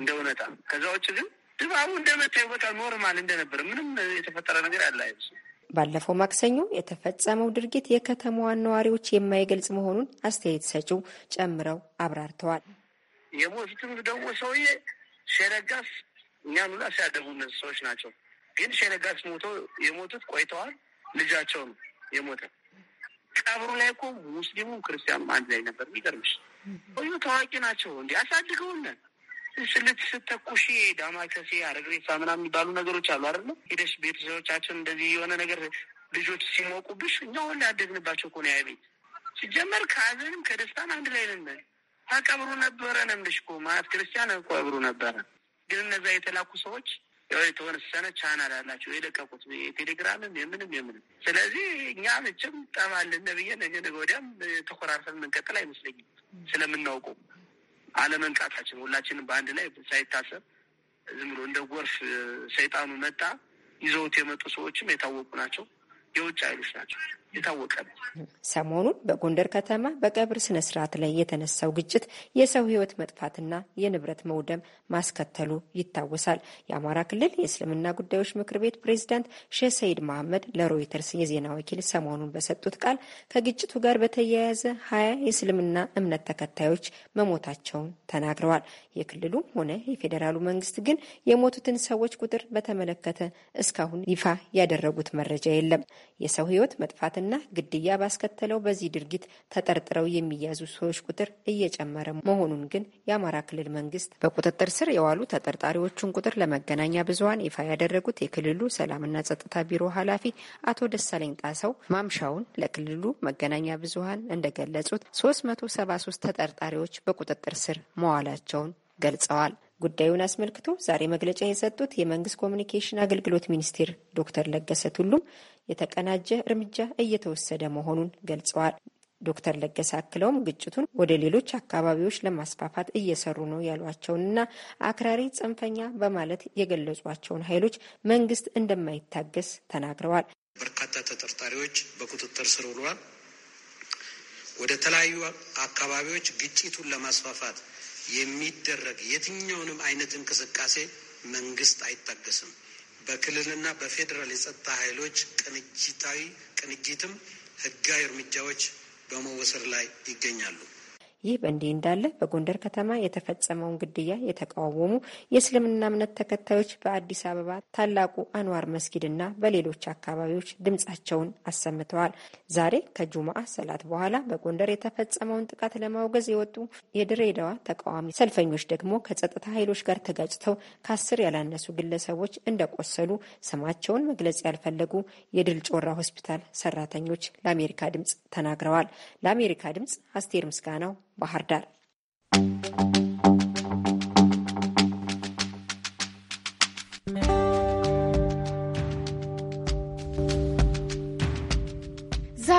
እንደ እውነታ። ከዛ ውጭ ግን ድባቡ እንደመታየው በቃ ኖርማል እንደነበረ ምንም የተፈጠረ ነገር ያለ አይመስልም። ባለፈው ማክሰኞ የተፈጸመው ድርጊት የከተማዋን ነዋሪዎች የማይገልጽ መሆኑን አስተያየት ሰጪው ጨምረው አብራርተዋል። የሞቱትም ደግሞ ሰውዬ ሸነጋስ እኛን ሁላ ሲያደጉ እነዚህ ሰዎች ናቸው። ግን ሸነጋስ ሞቶ የሞቱት ቆይተዋል። ልጃቸው ነው የሞተ። ቀብሩ ላይ እኮ ሙስሊሙ ክርስቲያኑ አንድ ላይ ነበር። የሚገርምሽ ቆዩ ታዋቂ ናቸው። እንዲ አሳድገውነ ስልት ስተኩሺ ዳማከሴ አረግሬሳ ምናምን የሚባሉ ነገሮች አሉ አይደለ? ሄደሽ ቤተሰቦቻችን እንደዚህ የሆነ ነገር ልጆች ሲሞቁብሽ እኛ ሁላ ያደግንባቸው እኮ ነው። ሲጀመር ከሀዘንም ከደስታን አንድ ላይ ነን ተቀብሩ ነበረ ነው የምልሽ እኮ ማለት ክርስቲያን አቀብሩ ነበረ። ግን እነዛ የተላኩ ሰዎች ያው የተወሰነ ቻናል አላቸው የለቀቁት የቴሌግራምም የምንም የምንም። ስለዚህ እኛ ምችም ጠማልን ብዬ ነገ ነገ ወዲያም ተኮራርፈን መንቀጥል አይመስለኝም። ስለምናውቀው አለመንቃታችን ሁላችንም በአንድ ላይ ሳይታሰብ ዝም ብሎ እንደ ጎርፍ ሰይጣኑ መጣ። ይዘውት የመጡ ሰዎችም የታወቁ ናቸው፣ የውጭ ኃይሎች ናቸው። የታወቀ ነው። ሰሞኑን በጎንደር ከተማ በቀብር ስነ ስርዓት ላይ የተነሳው ግጭት የሰው ህይወት መጥፋትና የንብረት መውደም ማስከተሉ ይታወሳል። የአማራ ክልል የእስልምና ጉዳዮች ምክር ቤት ፕሬዚዳንት ሼህ ሰይድ መሐመድ ለሮይተርስ የዜና ወኪል ሰሞኑን በሰጡት ቃል ከግጭቱ ጋር በተያያዘ ሀያ የእስልምና እምነት ተከታዮች መሞታቸውን ተናግረዋል። የክልሉም ሆነ የፌዴራሉ መንግስት ግን የሞቱትን ሰዎች ቁጥር በተመለከተ እስካሁን ይፋ ያደረጉት መረጃ የለም። የሰው ህይወት መጥፋትና እና ግድያ ባስከተለው በዚህ ድርጊት ተጠርጥረው የሚያዙ ሰዎች ቁጥር እየጨመረ መሆኑን ግን የአማራ ክልል መንግስት በቁጥጥር ስር የዋሉ ተጠርጣሪዎቹን ቁጥር ለመገናኛ ብዙኃን ይፋ ያደረጉት የክልሉ ሰላምና ጸጥታ ቢሮ ኃላፊ አቶ ደሳለኝ ጣሰው ማምሻውን ለክልሉ መገናኛ ብዙኃን እንደገለጹት 373 ተጠርጣሪዎች በቁጥጥር ስር መዋላቸውን ገልጸዋል። ጉዳዩን አስመልክቶ ዛሬ መግለጫ የሰጡት የመንግስት ኮሚኒኬሽን አገልግሎት ሚኒስትር ዶክተር ለገሰ ቱሉም የተቀናጀ እርምጃ እየተወሰደ መሆኑን ገልጸዋል። ዶክተር ለገሰ አክለውም ግጭቱን ወደ ሌሎች አካባቢዎች ለማስፋፋት እየሰሩ ነው ያሏቸውንና አክራሪ ጽንፈኛ በማለት የገለጿቸውን ኃይሎች መንግስት እንደማይታገስ ተናግረዋል። በርካታ ተጠርጣሪዎች በቁጥጥር ስር ውለዋል። ወደ ተለያዩ አካባቢዎች ግጭቱን ለማስፋፋት የሚደረግ የትኛውንም አይነት እንቅስቃሴ መንግስት አይታገስም። በክልልና በፌዴራል የጸጥታ ኃይሎች ቅንጅታዊ ቅንጅትም ህጋዊ እርምጃዎች በመወሰድ ላይ ይገኛሉ። ይህ በእንዲህ እንዳለ በጎንደር ከተማ የተፈጸመውን ግድያ የተቃወሙ የእስልምና እምነት ተከታዮች በአዲስ አበባ ታላቁ አንዋር መስጊድና በሌሎች አካባቢዎች ድምጻቸውን አሰምተዋል። ዛሬ ከጁማአ ሰላት በኋላ በጎንደር የተፈጸመውን ጥቃት ለማውገዝ የወጡ የድሬዳዋ ተቃዋሚ ሰልፈኞች ደግሞ ከጸጥታ ኃይሎች ጋር ተጋጭተው ከአስር ያላነሱ ግለሰቦች እንደቆሰሉ ስማቸውን መግለጽ ያልፈለጉ የድል ጮራ ሆስፒታል ሰራተኞች ለአሜሪካ ድምጽ ተናግረዋል። ለአሜሪካ ድምጽ አስቴር ምስጋናው ባህር ዳር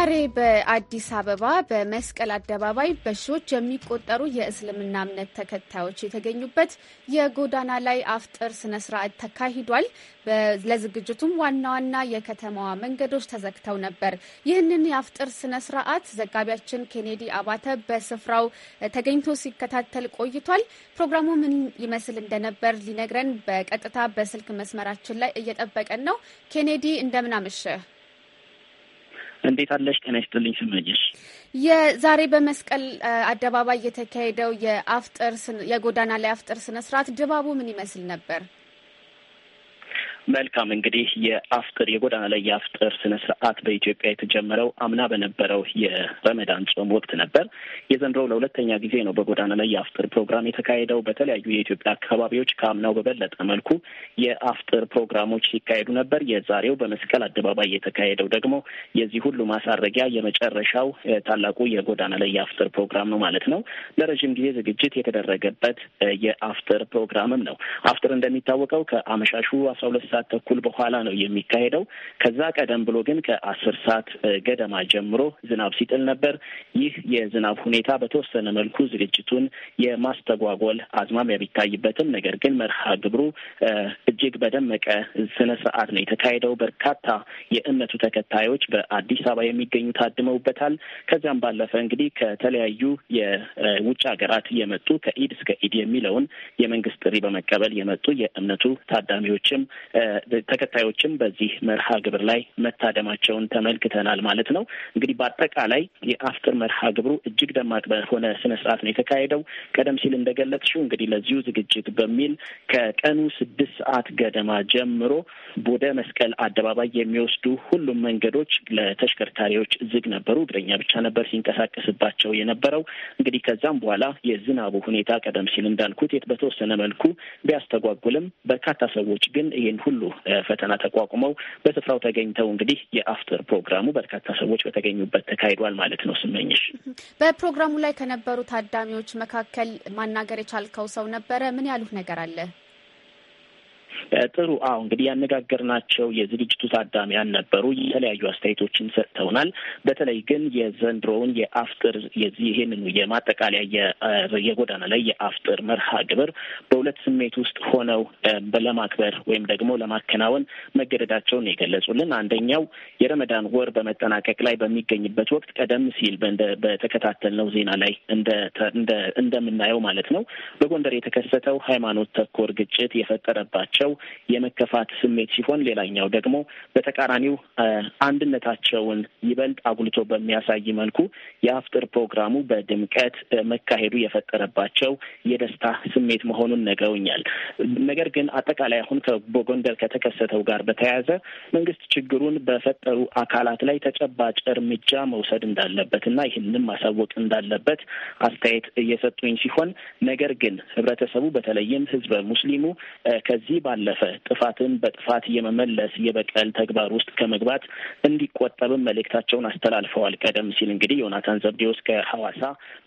ዛሬ በአዲስ አበባ በመስቀል አደባባይ በሺዎች የሚቆጠሩ የእስልምና እምነት ተከታዮች የተገኙበት የጎዳና ላይ አፍጥር ስነ ስርዓት ተካሂዷል። ለዝግጅቱም ዋና ዋና የከተማዋ መንገዶች ተዘግተው ነበር። ይህንን የአፍጥር ስነ ስርዓት ዘጋቢያችን ኬኔዲ አባተ በስፍራው ተገኝቶ ሲከታተል ቆይቷል። ፕሮግራሙ ምን ይመስል እንደነበር ሊነግረን በቀጥታ በስልክ መስመራችን ላይ እየጠበቀን ነው። ኬኔዲ እንደምን አመሸህ? እንዴት አለሽ? ጤና ይስጥልኝ። ስመኝሽ የዛሬ በመስቀል አደባባይ የተካሄደው የአፍጥር የጎዳና ላይ አፍጥር ስነ ድባቡ ምን ይመስል ነበር? መልካም እንግዲህ የአፍጥር የጎዳና ላይ የአፍጥር ስነ ስርዓት በኢትዮጵያ የተጀመረው አምና በነበረው የረመዳን ጾም ወቅት ነበር። የዘንድሮው ለሁለተኛ ጊዜ ነው በጎዳና ላይ የአፍጥር ፕሮግራም የተካሄደው። በተለያዩ የኢትዮጵያ አካባቢዎች ከአምናው በበለጠ መልኩ የአፍጥር ፕሮግራሞች ሲካሄዱ ነበር። የዛሬው በመስቀል አደባባይ የተካሄደው ደግሞ የዚህ ሁሉ ማሳረጊያ የመጨረሻው ታላቁ የጎዳና ላይ የአፍጥር ፕሮግራም ነው ማለት ነው። ለረዥም ጊዜ ዝግጅት የተደረገበት የአፍጥር ፕሮግራምም ነው። አፍጥር እንደሚታወቀው ከአመሻሹ አስራ ሁለት ሰዓት ተኩል በኋላ ነው የሚካሄደው። ከዛ ቀደም ብሎ ግን ከአስር ሰዓት ገደማ ጀምሮ ዝናብ ሲጥል ነበር። ይህ የዝናብ ሁኔታ በተወሰነ መልኩ ዝግጅቱን የማስተጓጎል አዝማሚያ ቢታይበትም፣ ነገር ግን መርሃ ግብሩ እጅግ በደመቀ ስነ ስርዓት ነው የተካሄደው። በርካታ የእምነቱ ተከታዮች በአዲስ አበባ የሚገኙ ታድመውበታል። ከዚያም ባለፈ እንግዲህ ከተለያዩ የውጭ ሀገራት የመጡ ከኢድ እስከ ኢድ የሚለውን የመንግስት ጥሪ በመቀበል የመጡ የእምነቱ ታዳሚዎችም ተከታዮችም በዚህ መርሃ ግብር ላይ መታደማቸውን ተመልክተናል ማለት ነው። እንግዲህ በአጠቃላይ የአፍጥር መርሃ ግብሩ እጅግ ደማቅ በሆነ ስነ ስርዓት ነው የተካሄደው። ቀደም ሲል እንደገለጽሽው እንግዲህ ለዚሁ ዝግጅት በሚል ከቀኑ ስድስት ሰዓት ገደማ ጀምሮ ወደ መስቀል አደባባይ የሚወስዱ ሁሉም መንገዶች ለተሽከርካሪዎች ዝግ ነበሩ። እግረኛ ብቻ ነበር ሲንቀሳቀስባቸው የነበረው። እንግዲህ ከዛም በኋላ የዝናቡ ሁኔታ ቀደም ሲል እንዳልኩት በተወሰነ መልኩ ቢያስተጓጉልም በርካታ ሰዎች ግን ይህን ሁሉ ፈተና ተቋቁመው በስፍራው ተገኝተው እንግዲህ የአፍተር ፕሮግራሙ በርካታ ሰዎች በተገኙበት ተካሂዷል ማለት ነው። ስመኝሽ በፕሮግራሙ ላይ ከነበሩ ታዳሚዎች መካከል ማናገር የቻልከው ሰው ነበረ? ምን ያሉት ነገር አለ? ጥሩ። አዎ እንግዲህ ያነጋገርናቸው የዝግጅቱ ታዳሚያን ነበሩ። የተለያዩ አስተያየቶችን ሰጥተውናል። በተለይ ግን የዘንድሮውን የአፍጥር የዚህ የማጠቃለያ የጎዳና ላይ የአፍጥር መርሃ ግብር በሁለት ስሜት ውስጥ ሆነው ለማክበር ወይም ደግሞ ለማከናወን መገደዳቸውን የገለጹልን አንደኛው የረመዳን ወር በመጠናቀቅ ላይ በሚገኝበት ወቅት ቀደም ሲል በተከታተልነው ዜና ላይ እንደምናየው ማለት ነው በጎንደር የተከሰተው ሃይማኖት ተኮር ግጭት የፈጠረባቸው የሚወስደው የመከፋት ስሜት ሲሆን፣ ሌላኛው ደግሞ በተቃራኒው አንድነታቸውን ይበልጥ አጉልቶ በሚያሳይ መልኩ የአፍጥር ፕሮግራሙ በድምቀት መካሄዱ የፈጠረባቸው የደስታ ስሜት መሆኑን ነግረውኛል። ነገር ግን አጠቃላይ አሁን በጎንደር ከተከሰተው ጋር በተያያዘ መንግስት ችግሩን በፈጠሩ አካላት ላይ ተጨባጭ እርምጃ መውሰድ እንዳለበት እና ይህንም ማሳወቅ እንዳለበት አስተያየት እየሰጡኝ ሲሆን ነገር ግን ህብረተሰቡ በተለይም ህዝበ ሙስሊሙ ከዚህ ባ ባለፈ ጥፋትን በጥፋት የመመለስ የበቀል ተግባር ውስጥ ከመግባት እንዲቆጠብም መልእክታቸውን አስተላልፈዋል። ቀደም ሲል እንግዲህ ዮናታን ዘብዴዎስ ከሐዋሳ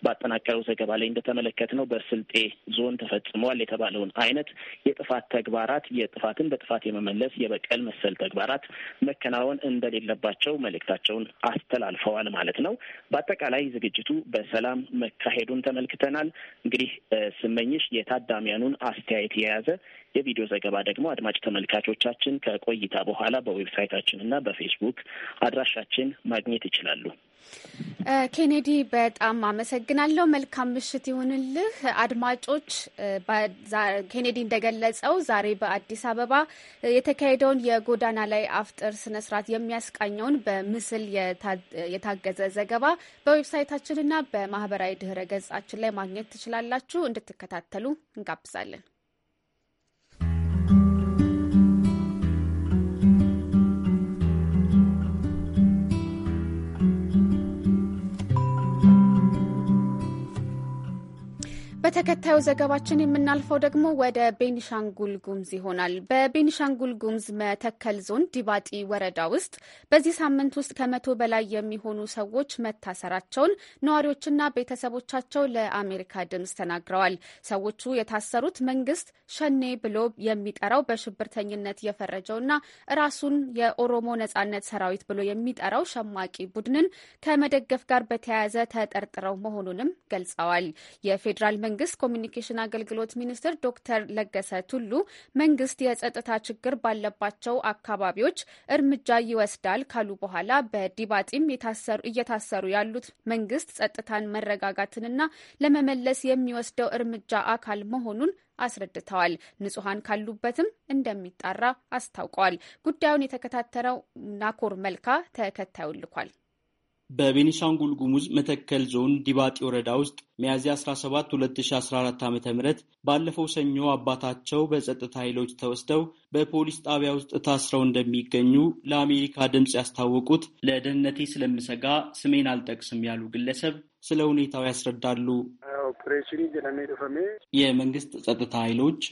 ባጠናቀረው ዘገባ ላይ እንደተመለከትነው በስልጤ ዞን ተፈጽሟል የተባለውን አይነት የጥፋት ተግባራት የጥፋትን በጥፋት የመመለስ የበቀል መሰል ተግባራት መከናወን እንደሌለባቸው መልእክታቸውን አስተላልፈዋል ማለት ነው። በአጠቃላይ ዝግጅቱ በሰላም መካሄዱን ተመልክተናል። እንግዲህ ስመኝሽ የታዳሚያኑን አስተያየት የያዘ የቪዲዮ ዘገባ ደግሞ አድማጭ ተመልካቾቻችን ከቆይታ በኋላ በዌብሳይታችን እና በፌስቡክ አድራሻችን ማግኘት ይችላሉ። ኬኔዲ በጣም አመሰግናለሁ። መልካም ምሽት ይሁንልህ። አድማጮች፣ ኬኔዲ እንደገለጸው ዛሬ በአዲስ አበባ የተካሄደውን የጎዳና ላይ አፍጥር ስነስርዓት የሚያስቃኘውን በምስል የታገዘ ዘገባ በዌብሳይታችንና በማህበራዊ ድህረ ገጻችን ላይ ማግኘት ትችላላችሁ። እንድትከታተሉ እንጋብዛለን። በተከታዩ ዘገባችን የምናልፈው ደግሞ ወደ ቤኒሻንጉል ጉምዝ ይሆናል። በቤኒሻንጉል ጉምዝ መተከል ዞን ዲባጢ ወረዳ ውስጥ በዚህ ሳምንት ውስጥ ከመቶ በላይ የሚሆኑ ሰዎች መታሰራቸውን ነዋሪዎችና ቤተሰቦቻቸው ለአሜሪካ ድምፅ ተናግረዋል። ሰዎቹ የታሰሩት መንግስት ሸኔ ብሎ የሚጠራው በሽብርተኝነት የፈረጀውና ራሱን የኦሮሞ ነጻነት ሰራዊት ብሎ የሚጠራው ሸማቂ ቡድንን ከመደገፍ ጋር በተያያዘ ተጠርጥረው መሆኑንም ገልጸዋል። የፌዴራል መንግስት ኮሚኒኬሽን አገልግሎት ሚኒስትር ዶክተር ለገሰ ቱሉ መንግስት የጸጥታ ችግር ባለባቸው አካባቢዎች እርምጃ ይወስዳል ካሉ በኋላ በዲባጢም እየታሰሩ ያሉት መንግስት ጸጥታን መረጋጋትንና ለመመለስ የሚወስደው እርምጃ አካል መሆኑን አስረድተዋል። ንጹሐን ካሉበትም እንደሚጣራ አስታውቀዋል። ጉዳዩን የተከታተለው ናኮር መልካ ተከታዩን ልኳል። በቤኒሻንጉል ጉሙዝ መተከል ዞን ዲባጢ ወረዳ ውስጥ ሚያዝያ 17 2014 ዓ ም ባለፈው ሰኞ አባታቸው በጸጥታ ኃይሎች ተወስደው በፖሊስ ጣቢያ ውስጥ ታስረው እንደሚገኙ ለአሜሪካ ድምፅ ያስታወቁት ለደህንነቴ ስለምሰጋ ስሜን አልጠቅስም ያሉ ግለሰብ ስለ ሁኔታው ያስረዳሉ። የመንግስት ጸጥታ ኃይሎች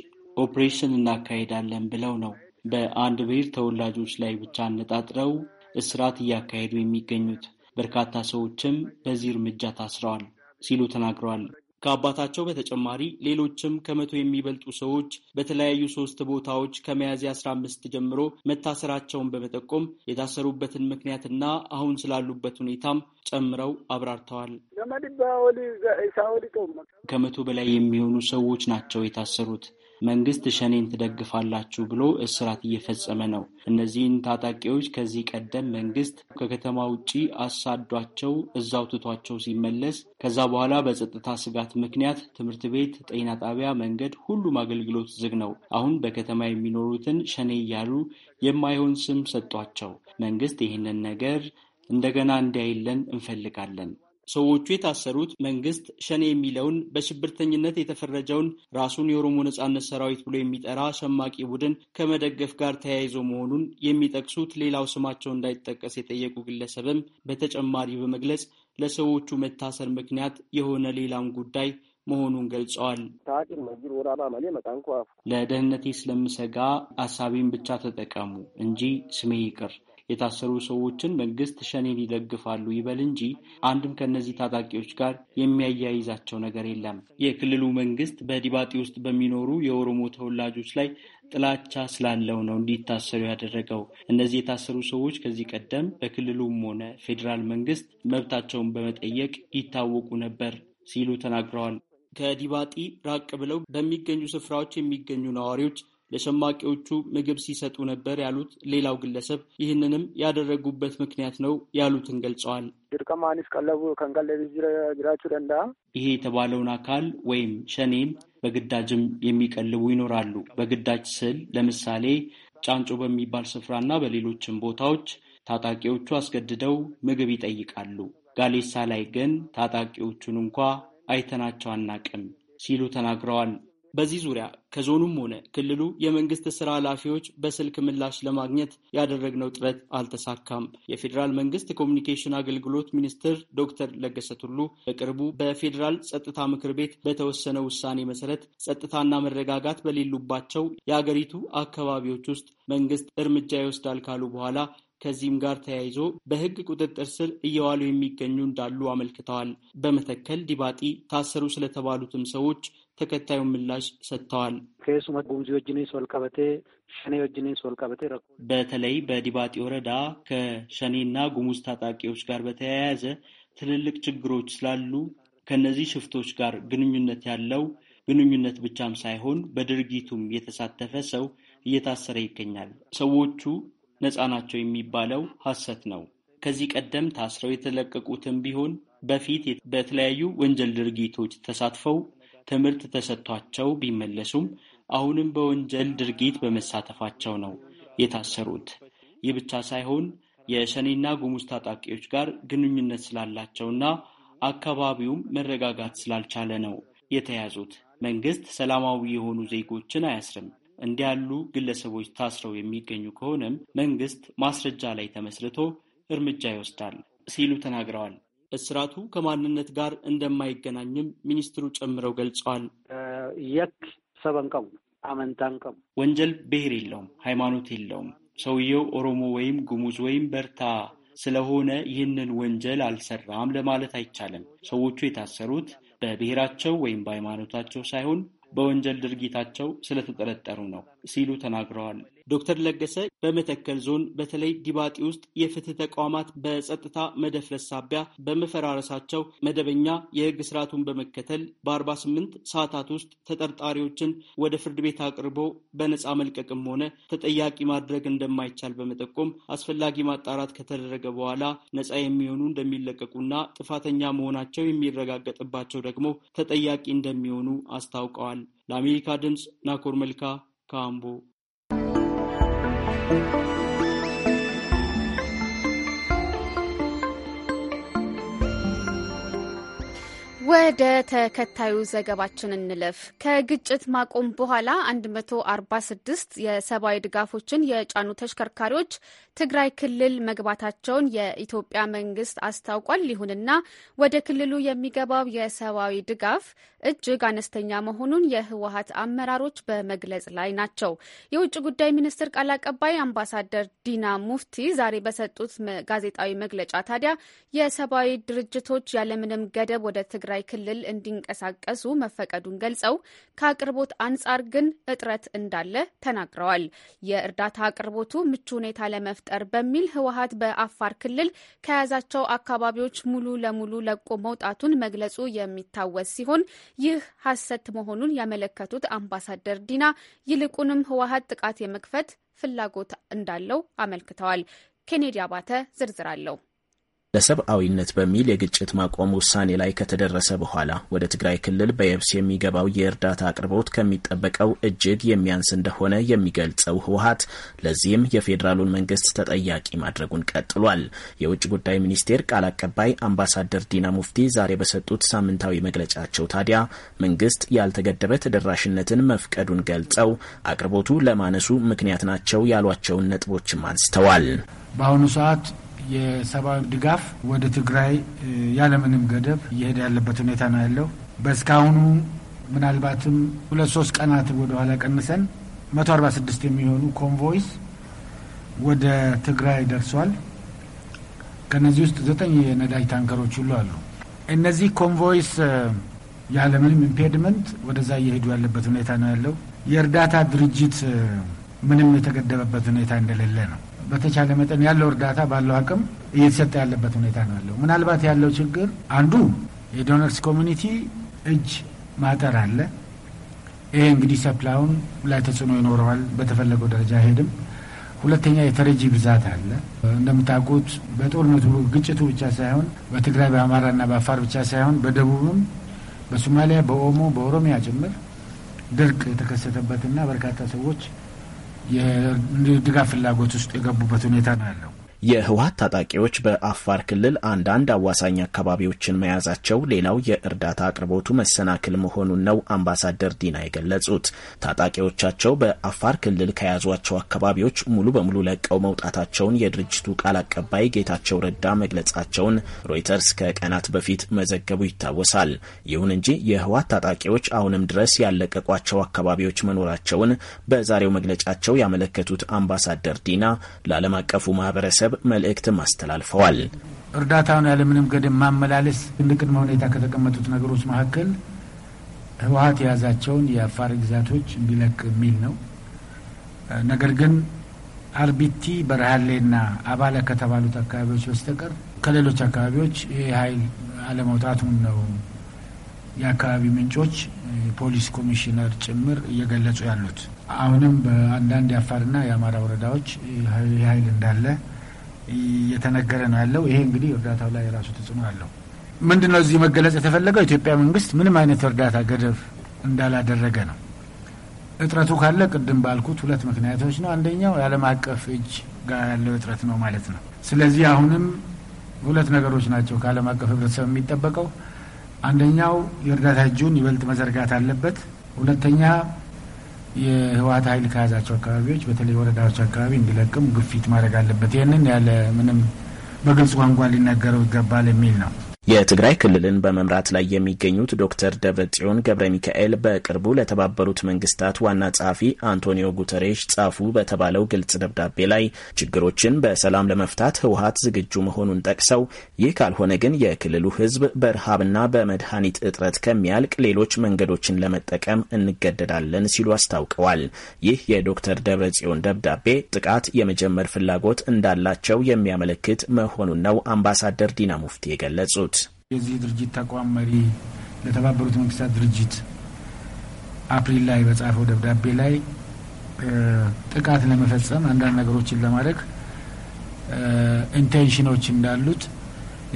ኦፕሬሽን እናካሄዳለን ብለው ነው በአንድ ብሔር ተወላጆች ላይ ብቻ አነጣጥረው እስራት እያካሄዱ የሚገኙት በርካታ ሰዎችም በዚህ እርምጃ ታስረዋል ሲሉ ተናግረዋል። ከአባታቸው በተጨማሪ ሌሎችም ከመቶ የሚበልጡ ሰዎች በተለያዩ ሶስት ቦታዎች ከሚያዝያ 15 አምስት ጀምሮ መታሰራቸውን በመጠቆም የታሰሩበትን ምክንያትና አሁን ስላሉበት ሁኔታም ጨምረው አብራርተዋል። ከመቶ በላይ የሚሆኑ ሰዎች ናቸው የታሰሩት። መንግስት ሸኔን ትደግፋላችሁ ብሎ እስራት እየፈጸመ ነው። እነዚህን ታጣቂዎች ከዚህ ቀደም መንግስት ከከተማ ውጪ አሳዷቸው እዛው ትቷቸው ሲመለስ ከዛ በኋላ በጸጥታ ስጋት ምክንያት ትምህርት ቤት፣ ጤና ጣቢያ፣ መንገድ፣ ሁሉም አገልግሎት ዝግ ነው። አሁን በከተማ የሚኖሩትን ሸኔ እያሉ የማይሆን ስም ሰጧቸው። መንግስት ይህንን ነገር እንደገና እንዲያይለን እንፈልጋለን። ሰዎቹ የታሰሩት መንግስት ሸኔ የሚለውን በሽብርተኝነት የተፈረጀውን ራሱን የኦሮሞ ነጻነት ሰራዊት ብሎ የሚጠራ ሸማቂ ቡድን ከመደገፍ ጋር ተያይዞ መሆኑን የሚጠቅሱት ሌላው ስማቸው እንዳይጠቀስ የጠየቁ ግለሰብም በተጨማሪ በመግለጽ ለሰዎቹ መታሰር ምክንያት የሆነ ሌላም ጉዳይ መሆኑን ገልጸዋል። ለደህንነቴ ስለምሰጋ አሳቤን ብቻ ተጠቀሙ እንጂ ስሜ ይቅር የታሰሩ ሰዎችን መንግስት ሸኔን ይደግፋሉ ይበል እንጂ አንድም ከእነዚህ ታጣቂዎች ጋር የሚያያይዛቸው ነገር የለም። የክልሉ መንግስት በዲባጢ ውስጥ በሚኖሩ የኦሮሞ ተወላጆች ላይ ጥላቻ ስላለው ነው እንዲታሰሩ ያደረገው። እነዚህ የታሰሩ ሰዎች ከዚህ ቀደም በክልሉም ሆነ ፌዴራል መንግስት መብታቸውን በመጠየቅ ይታወቁ ነበር ሲሉ ተናግረዋል። ከዲባጢ ራቅ ብለው በሚገኙ ስፍራዎች የሚገኙ ነዋሪዎች ለሸማቂዎቹ ምግብ ሲሰጡ ነበር ያሉት ሌላው ግለሰብ ይህንንም ያደረጉበት ምክንያት ነው ያሉትን ገልጸዋል። ይሄ የተባለውን አካል ወይም ሸኔን በግዳጅም የሚቀልቡ ይኖራሉ። በግዳጅ ስል ለምሳሌ ጫንጮ በሚባል ስፍራና በሌሎችም ቦታዎች ታጣቂዎቹ አስገድደው ምግብ ይጠይቃሉ። ጋሌሳ ላይ ግን ታጣቂዎቹን እንኳ አይተናቸው አናቅም ሲሉ ተናግረዋል። በዚህ ዙሪያ ከዞኑም ሆነ ክልሉ የመንግስት ስራ ኃላፊዎች በስልክ ምላሽ ለማግኘት ያደረግነው ጥረት አልተሳካም። የፌዴራል መንግስት ኮሚኒኬሽን አገልግሎት ሚኒስትር ዶክተር ለገሰ ቱሉ በቅርቡ በፌዴራል ጸጥታ ምክር ቤት በተወሰነ ውሳኔ መሰረት ጸጥታና መረጋጋት በሌሉባቸው የአገሪቱ አካባቢዎች ውስጥ መንግስት እርምጃ ይወስዳል ካሉ በኋላ ከዚህም ጋር ተያይዞ በህግ ቁጥጥር ስር እየዋሉ የሚገኙ እንዳሉ አመልክተዋል። በመተከል ዲባጢ ታሰሩ ስለተባሉትም ሰዎች ተከታዩን ምላሽ ሰጥተዋል። በተለይ በዲባጢ ወረዳ ከሸኔና ጉሙዝ ታጣቂዎች ጋር በተያያዘ ትልልቅ ችግሮች ስላሉ ከነዚህ ሽፍቶች ጋር ግንኙነት ያለው ግንኙነት ብቻም ሳይሆን በድርጊቱም የተሳተፈ ሰው እየታሰረ ይገኛል። ሰዎቹ ነፃ ናቸው የሚባለው ሐሰት ነው። ከዚህ ቀደም ታስረው የተለቀቁትም ቢሆን በፊት በተለያዩ ወንጀል ድርጊቶች ተሳትፈው ትምህርት ተሰጥቷቸው ቢመለሱም አሁንም በወንጀል ድርጊት በመሳተፋቸው ነው የታሰሩት። ይህ ብቻ ሳይሆን የሸኔና ጉሙዝ ታጣቂዎች ጋር ግንኙነት ስላላቸውና አካባቢውም መረጋጋት ስላልቻለ ነው የተያዙት። መንግስት ሰላማዊ የሆኑ ዜጎችን አያስርም። እንዲህ ያሉ ግለሰቦች ታስረው የሚገኙ ከሆነም መንግስት ማስረጃ ላይ ተመስርቶ እርምጃ ይወስዳል ሲሉ ተናግረዋል። እስራቱ ከማንነት ጋር እንደማይገናኝም ሚኒስትሩ ጨምረው ገልጸዋል። የክ ሰበንቀሙ አመንታንቀሙ ወንጀል ብሔር የለውም፣ ሃይማኖት የለውም። ሰውየው ኦሮሞ ወይም ጉሙዝ ወይም በርታ ስለሆነ ይህንን ወንጀል አልሰራም ለማለት አይቻልም። ሰዎቹ የታሰሩት በብሔራቸው ወይም በሃይማኖታቸው ሳይሆን በወንጀል ድርጊታቸው ስለተጠረጠሩ ነው ሲሉ ተናግረዋል። ዶክተር ለገሰ በመተከል ዞን በተለይ ዲባጢ ውስጥ የፍትህ ተቋማት በጸጥታ መደፍረስ ሳቢያ በመፈራረሳቸው መደበኛ የህግ ስርዓቱን በመከተል በ48 ሰዓታት ውስጥ ተጠርጣሪዎችን ወደ ፍርድ ቤት አቅርቦ በነፃ መልቀቅም ሆነ ተጠያቂ ማድረግ እንደማይቻል በመጠቆም አስፈላጊ ማጣራት ከተደረገ በኋላ ነፃ የሚሆኑ እንደሚለቀቁና ጥፋተኛ መሆናቸው የሚረጋገጥባቸው ደግሞ ተጠያቂ እንደሚሆኑ አስታውቀዋል። ለአሜሪካ ድምፅ ናኮር መልካ ካምቦ Thank you. ወደ ተከታዩ ዘገባችን እንለፍ። ከግጭት ማቆም በኋላ 146 የሰብአዊ ድጋፎችን የጫኑ ተሽከርካሪዎች ትግራይ ክልል መግባታቸውን የኢትዮጵያ መንግስት አስታውቋል። ይሁንና ወደ ክልሉ የሚገባው የሰብአዊ ድጋፍ እጅግ አነስተኛ መሆኑን የህወሀት አመራሮች በመግለጽ ላይ ናቸው። የውጭ ጉዳይ ሚኒስትር ቃል አቀባይ አምባሳደር ዲና ሙፍቲ ዛሬ በሰጡት ጋዜጣዊ መግለጫ ታዲያ የሰብአዊ ድርጅቶች ያለምንም ገደብ ወደ ትግራይ ትግራይ ክልል እንዲንቀሳቀሱ መፈቀዱን ገልጸው ከአቅርቦት አንጻር ግን እጥረት እንዳለ ተናግረዋል። የእርዳታ አቅርቦቱ ምቹ ሁኔታ ለመፍጠር በሚል ህወሀት በአፋር ክልል ከያዛቸው አካባቢዎች ሙሉ ለሙሉ ለቆ መውጣቱን መግለጹ የሚታወስ ሲሆን ይህ ሀሰት መሆኑን ያመለከቱት አምባሳደር ዲና ይልቁንም ህወሀት ጥቃት የመክፈት ፍላጎት እንዳለው አመልክተዋል። ኬኔዲ አባተ ዝርዝር አለው። ለሰብአዊነት በሚል የግጭት ማቆም ውሳኔ ላይ ከተደረሰ በኋላ ወደ ትግራይ ክልል በየብስ የሚገባው የእርዳታ አቅርቦት ከሚጠበቀው እጅግ የሚያንስ እንደሆነ የሚገልጸው ህወሀት ለዚህም የፌዴራሉን መንግስት ተጠያቂ ማድረጉን ቀጥሏል። የውጭ ጉዳይ ሚኒስቴር ቃል አቀባይ አምባሳደር ዲና ሙፍቲ ዛሬ በሰጡት ሳምንታዊ መግለጫቸው ታዲያ መንግስት ያልተገደበ ተደራሽነትን መፍቀዱን ገልጸው አቅርቦቱ ለማነሱ ምክንያት ናቸው ያሏቸውን ነጥቦችም አንስተዋል። በአሁኑ ሰዓት የሰብአዊ ድጋፍ ወደ ትግራይ ያለምንም ገደብ እየሄደ ያለበት ሁኔታ ነው ያለው። በእስካሁኑ ምናልባትም ሁለት ሶስት ቀናት ወደኋላ ቀንሰን መቶ አርባ ስድስት የሚሆኑ ኮንቮይስ ወደ ትግራይ ደርሷል። ከነዚህ ውስጥ ዘጠኝ የነዳጅ ታንከሮች ሁሉ አሉ። እነዚህ ኮንቮይስ ያለምንም ኢምፔድመንት ወደዛ እየሄዱ ያለበት ሁኔታ ነው ያለው። የእርዳታ ድርጅት ምንም የተገደበበት ሁኔታ እንደሌለ ነው። በተቻለ መጠን ያለው እርዳታ ባለው አቅም እየተሰጠ ያለበት ሁኔታ ነው ያለው። ምናልባት ያለው ችግር አንዱ የዶነርስ ኮሚኒቲ እጅ ማጠር አለ። ይሄ እንግዲህ ሰፕላዩን ላይ ተጽዕኖ ይኖረዋል። በተፈለገው ደረጃ አይሄድም። ሁለተኛ የተረጂ ብዛት አለ። እንደምታውቁት በጦርነቱ ግጭቱ ብቻ ሳይሆን በትግራይ በአማራና በአፋር ብቻ ሳይሆን በደቡብም፣ በሶማሊያ፣ በኦሞ፣ በኦሮሚያ ጭምር ድርቅ የተከሰተበትና በርካታ ሰዎች የድጋፍ ፍላጎት ውስጥ የገቡበት ሁኔታ ነው ያለው። የህወሀት ታጣቂዎች በአፋር ክልል አንዳንድ አዋሳኝ አካባቢዎችን መያዛቸው ሌላው የእርዳታ አቅርቦቱ መሰናክል መሆኑን ነው አምባሳደር ዲና የገለጹት። ታጣቂዎቻቸው በአፋር ክልል ከያዟቸው አካባቢዎች ሙሉ በሙሉ ለቀው መውጣታቸውን የድርጅቱ ቃል አቀባይ ጌታቸው ረዳ መግለጻቸውን ሮይተርስ ከቀናት በፊት መዘገቡ ይታወሳል። ይሁን እንጂ የህወሀት ታጣቂዎች አሁንም ድረስ ያለቀቋቸው አካባቢዎች መኖራቸውን በዛሬው መግለጫቸው ያመለከቱት አምባሳደር ዲና ለዓለም አቀፉ ማህበረሰብ ቤተሰብ መልእክትም አስተላልፈዋል። እርዳታውን ያለምንም ገደብ ማመላለስ እንደ ቅድመ ሁኔታ ከተቀመጡት ነገሮች መካከል ህወሀት የያዛቸውን የአፋር ግዛቶች እንዲለቅ የሚል ነው። ነገር ግን አርቢቲ በረሃሌና አባለ ከተባሉት አካባቢዎች በስተቀር ከሌሎች አካባቢዎች ይህ ኃይል አለመውጣቱን ነው የአካባቢ ምንጮች፣ ፖሊስ ኮሚሽነር ጭምር እየገለጹ ያሉት። አሁንም በአንዳንድ የአፋርና የአማራ ወረዳዎች ይህ ኃይል እንዳለ እየተነገረ ነው ያለው። ይሄ እንግዲህ እርዳታው ላይ የራሱ ተጽዕኖ አለው። ምንድን ነው እዚህ መገለጽ የተፈለገው ኢትዮጵያ መንግስት ምንም አይነት እርዳታ ገደብ እንዳላደረገ ነው። እጥረቱ ካለ ቅድም ባልኩት ሁለት ምክንያቶች ነው። አንደኛው የዓለም አቀፍ እጅ ጋር ያለው እጥረት ነው ማለት ነው። ስለዚህ አሁንም ሁለት ነገሮች ናቸው ከዓለም አቀፍ ህብረተሰብ የሚጠበቀው። አንደኛው የእርዳታ እጁን ይበልጥ መዘርጋት አለበት። ሁለተኛ የህወሀት ኃይል ከያዛቸው አካባቢዎች በተለይ ወረዳዎች አካባቢ እንዲለቅም ግፊት ማድረግ አለበት። ይህንን ያለ ምንም በግልጽ ቋንቋ ሊነገረው ይገባል የሚል ነው። የትግራይ ክልልን በመምራት ላይ የሚገኙት ዶክተር ደብረጽዮን ገብረ ሚካኤል በቅርቡ ለተባበሩት መንግስታት ዋና ጸሐፊ አንቶኒዮ ጉተሬሽ ጻፉ በተባለው ግልጽ ደብዳቤ ላይ ችግሮችን በሰላም ለመፍታት ህወሀት ዝግጁ መሆኑን ጠቅሰው ይህ ካልሆነ ግን የክልሉ ህዝብ በረሃብና በመድኃኒት እጥረት ከሚያልቅ ሌሎች መንገዶችን ለመጠቀም እንገደዳለን ሲሉ አስታውቀዋል። ይህ የዶክተር ደብረጽዮን ደብዳቤ ጥቃት የመጀመር ፍላጎት እንዳላቸው የሚያመለክት መሆኑን ነው አምባሳደር ዲና ሙፍቲ የገለጹት። የዚህ ድርጅት ተቋም መሪ ለተባበሩት መንግስታት ድርጅት አፕሪል ላይ በጻፈው ደብዳቤ ላይ ጥቃት ለመፈጸም አንዳንድ ነገሮችን ለማድረግ ኢንቴንሽኖች እንዳሉት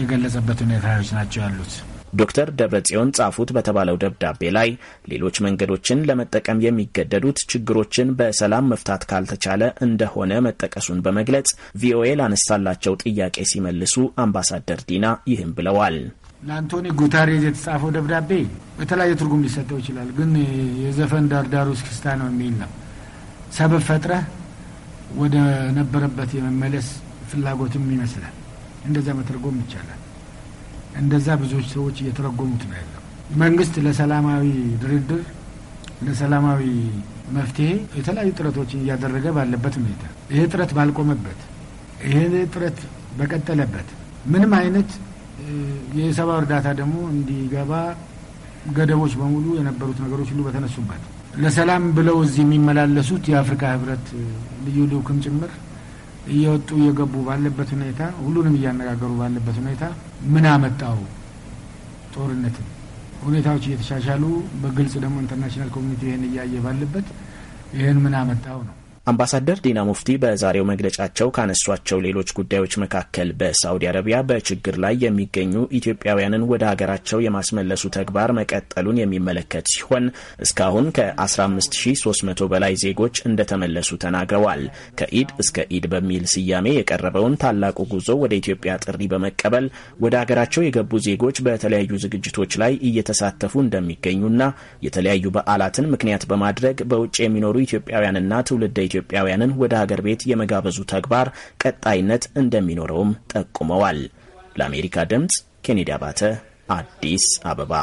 የገለጸበት ሁኔታዎች ናቸው ያሉት። ዶክተር ደብረጽዮን ጻፉት በተባለው ደብዳቤ ላይ ሌሎች መንገዶችን ለመጠቀም የሚገደዱት ችግሮችን በሰላም መፍታት ካልተቻለ እንደሆነ መጠቀሱን በመግለጽ ቪኦኤ ላነሳላቸው ጥያቄ ሲመልሱ አምባሳደር ዲና ይህም ብለዋል። ለአንቶኒ ጉታሬዝ የተጻፈው ደብዳቤ በተለያየ ትርጉም ሊሰጠው ይችላል። ግን የዘፈን ዳርዳሩ እስክስታ ነው የሚል ነው። ሰበብ ፈጥረህ ወደ ነበረበት የመመለስ ፍላጎትም ይመስላል። እንደዛ መተርጎም ይቻላል። እንደዛ ብዙዎች ሰዎች እየተረጎሙት ነው ያለው። መንግስት ለሰላማዊ ድርድር፣ ለሰላማዊ መፍትሄ የተለያዩ ጥረቶችን እያደረገ ባለበት ሁኔታ ይሄ ጥረት ባልቆመበት፣ ይሄ ጥረት በቀጠለበት ምንም አይነት የሰብአዊ እርዳታ ደግሞ እንዲገባ ገደቦች በሙሉ የነበሩት ነገሮች ሁሉ በተነሱባት ለሰላም ብለው እዚህ የሚመላለሱት የአፍሪካ ህብረት ልዩ ልኡክም ጭምር እየወጡ እየገቡ ባለበት ሁኔታ ሁሉንም እያነጋገሩ ባለበት ሁኔታ ምን አመጣው ጦርነትን? ሁኔታዎች እየተሻሻሉ በግልጽ ደግሞ ኢንተርናሽናል ኮሚኒቲ ይህን እያየ ባለበት ይህን ምን አመጣው ነው። አምባሳደር ዲና ሙፍቲ በዛሬው መግለጫቸው ካነሷቸው ሌሎች ጉዳዮች መካከል በሳውዲ አረቢያ በችግር ላይ የሚገኙ ኢትዮጵያውያንን ወደ ሀገራቸው የማስመለሱ ተግባር መቀጠሉን የሚመለከት ሲሆን እስካሁን ከ15300 በላይ ዜጎች እንደተመለሱ ተናግረዋል። ከኢድ እስከ ኢድ በሚል ስያሜ የቀረበውን ታላቁ ጉዞ ወደ ኢትዮጵያ ጥሪ በመቀበል ወደ ሀገራቸው የገቡ ዜጎች በተለያዩ ዝግጅቶች ላይ እየተሳተፉ እንደሚገኙና የተለያዩ በዓላትን ምክንያት በማድረግ በውጭ የሚኖሩ ኢትዮጵያውያንና ትውልደ ኢትዮጵያውያንን ወደ ሀገር ቤት የመጋበዙ ተግባር ቀጣይነት እንደሚኖረውም ጠቁመዋል። ለአሜሪካ ድምፅ ኬኔዲ አባተ አዲስ አበባ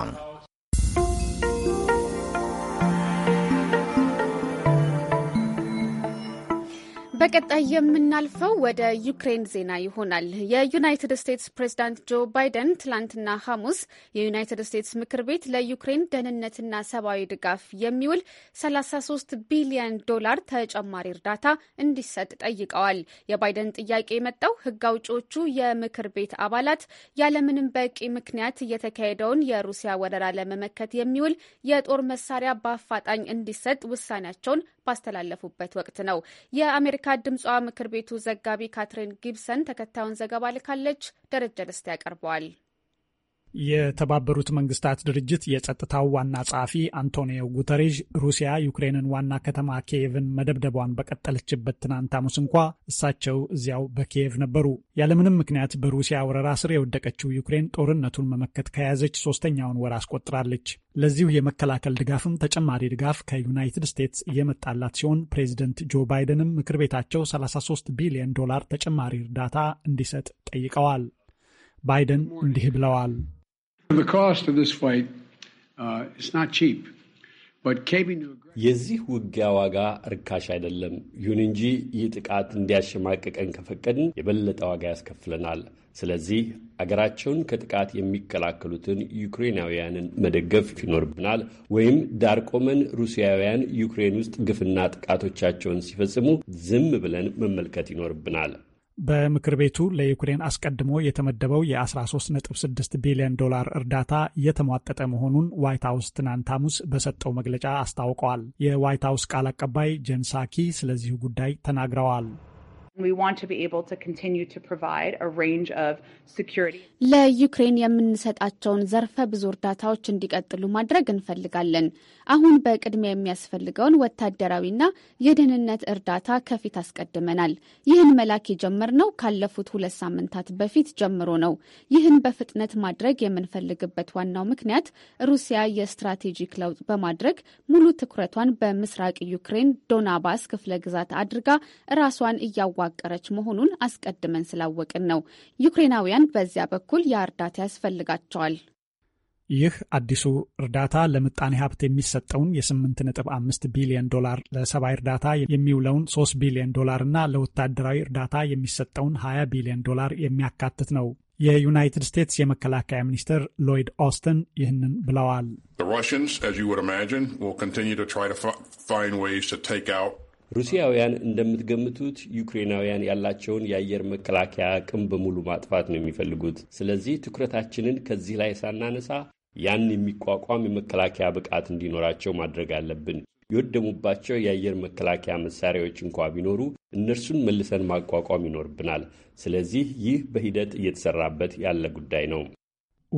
በቀጣይ የምናልፈው ወደ ዩክሬን ዜና ይሆናል። የዩናይትድ ስቴትስ ፕሬዚዳንት ጆ ባይደን ትላንትና ሐሙስ የዩናይትድ ስቴትስ ምክር ቤት ለዩክሬን ደህንነትና ሰብአዊ ድጋፍ የሚውል 33 ቢሊዮን ዶላር ተጨማሪ እርዳታ እንዲሰጥ ጠይቀዋል። የባይደን ጥያቄ የመጣው ህግ አውጪዎቹ የምክር ቤት አባላት ያለምንም በቂ ምክንያት እየተካሄደውን የሩሲያ ወረራ ለመመከት የሚውል የጦር መሳሪያ በአፋጣኝ እንዲሰጥ ውሳኔያቸውን ባስተላለፉበት ወቅት ነው። የአሜሪካ ድምጿ ምክር ቤቱ ዘጋቢ ካትሪን ጊብሰን ተከታዩን ዘገባ ልካለች። ደረጀ ደስታ ያቀርበዋል። የተባበሩት መንግስታት ድርጅት የጸጥታው ዋና ጸሐፊ አንቶኒዮ ጉተሬዥ ሩሲያ ዩክሬንን ዋና ከተማ ኪየቭን መደብደቧን በቀጠለችበት ትናንት ሐሙስ እንኳ እሳቸው እዚያው በኪየቭ ነበሩ። ያለምንም ምክንያት በሩሲያ ወረራ ስር የወደቀችው ዩክሬን ጦርነቱን መመከት ከያዘች ሶስተኛውን ወር አስቆጥራለች። ለዚሁ የመከላከል ድጋፍም ተጨማሪ ድጋፍ ከዩናይትድ ስቴትስ እየመጣላት ሲሆን ፕሬዚደንት ጆ ባይደንም ምክር ቤታቸው 33 ቢሊዮን ዶላር ተጨማሪ እርዳታ እንዲሰጥ ጠይቀዋል። ባይደን እንዲህ ብለዋል። Uh, የዚህ ውጊያ ዋጋ ርካሽ አይደለም። ይሁን እንጂ ይህ ጥቃት እንዲያሸማቅቀን ከፈቀድን የበለጠ ዋጋ ያስከፍለናል። ስለዚህ አገራቸውን ከጥቃት የሚከላከሉትን ዩክሬናውያንን መደገፍ ይኖርብናል፣ ወይም ዳር ቆመን ሩሲያውያን ዩክሬን ውስጥ ግፍና ጥቃቶቻቸውን ሲፈጽሙ ዝም ብለን መመልከት ይኖርብናል። በምክር ቤቱ ለዩክሬን አስቀድሞ የተመደበው የ13.6 ቢሊዮን ዶላር እርዳታ እየተሟጠጠ መሆኑን ዋይት ሀውስ ትናንት ሐሙስ በሰጠው መግለጫ አስታውቀዋል። የዋይት ሀውስ ቃል አቀባይ ጄን ሳኪ ስለዚሁ ጉዳይ ተናግረዋል። ለዩክሬን የምንሰጣቸውን ዘርፈ ብዙ እርዳታዎች እንዲቀጥሉ ማድረግ እንፈልጋለን። አሁን በቅድሚያ የሚያስፈልገውን ወታደራዊና የደህንነት እርዳታ ከፊት አስቀድመናል። ይህን መላክ የጀመርነው ካለፉት ሁለት ሳምንታት በፊት ጀምሮ ነው። ይህን በፍጥነት ማድረግ የምንፈልግበት ዋናው ምክንያት ሩሲያ የስትራቴጂክ ለውጥ በማድረግ ሙሉ ትኩረቷን በምስራቅ ዩክሬን ዶናባስ ክፍለ ግዛት አድርጋ ራሷን እያዋ እያዋቀረች መሆኑን አስቀድመን ስላወቅን ነው። ዩክሬናውያን በዚያ በኩል የእርዳታ ያስፈልጋቸዋል። ይህ አዲሱ እርዳታ ለምጣኔ ሀብት የሚሰጠውን የ8.5 ቢሊዮን ዶላር፣ ለሰብአዊ እርዳታ የሚውለውን 3 ቢሊዮን ዶላር እና ለወታደራዊ እርዳታ የሚሰጠውን 20 ቢሊዮን ዶላር የሚያካትት ነው። የዩናይትድ ስቴትስ የመከላከያ ሚኒስትር ሎይድ ኦስትን ይህንን ብለዋል። ሩሲያውያን እንደምትገምቱት ዩክሬናውያን ያላቸውን የአየር መከላከያ አቅም በሙሉ ማጥፋት ነው የሚፈልጉት። ስለዚህ ትኩረታችንን ከዚህ ላይ ሳናነሳ ያን የሚቋቋም የመከላከያ ብቃት እንዲኖራቸው ማድረግ አለብን። የወደሙባቸው የአየር መከላከያ መሳሪያዎች እንኳ ቢኖሩ እነርሱን መልሰን ማቋቋም ይኖርብናል። ስለዚህ ይህ በሂደት እየተሰራበት ያለ ጉዳይ ነው።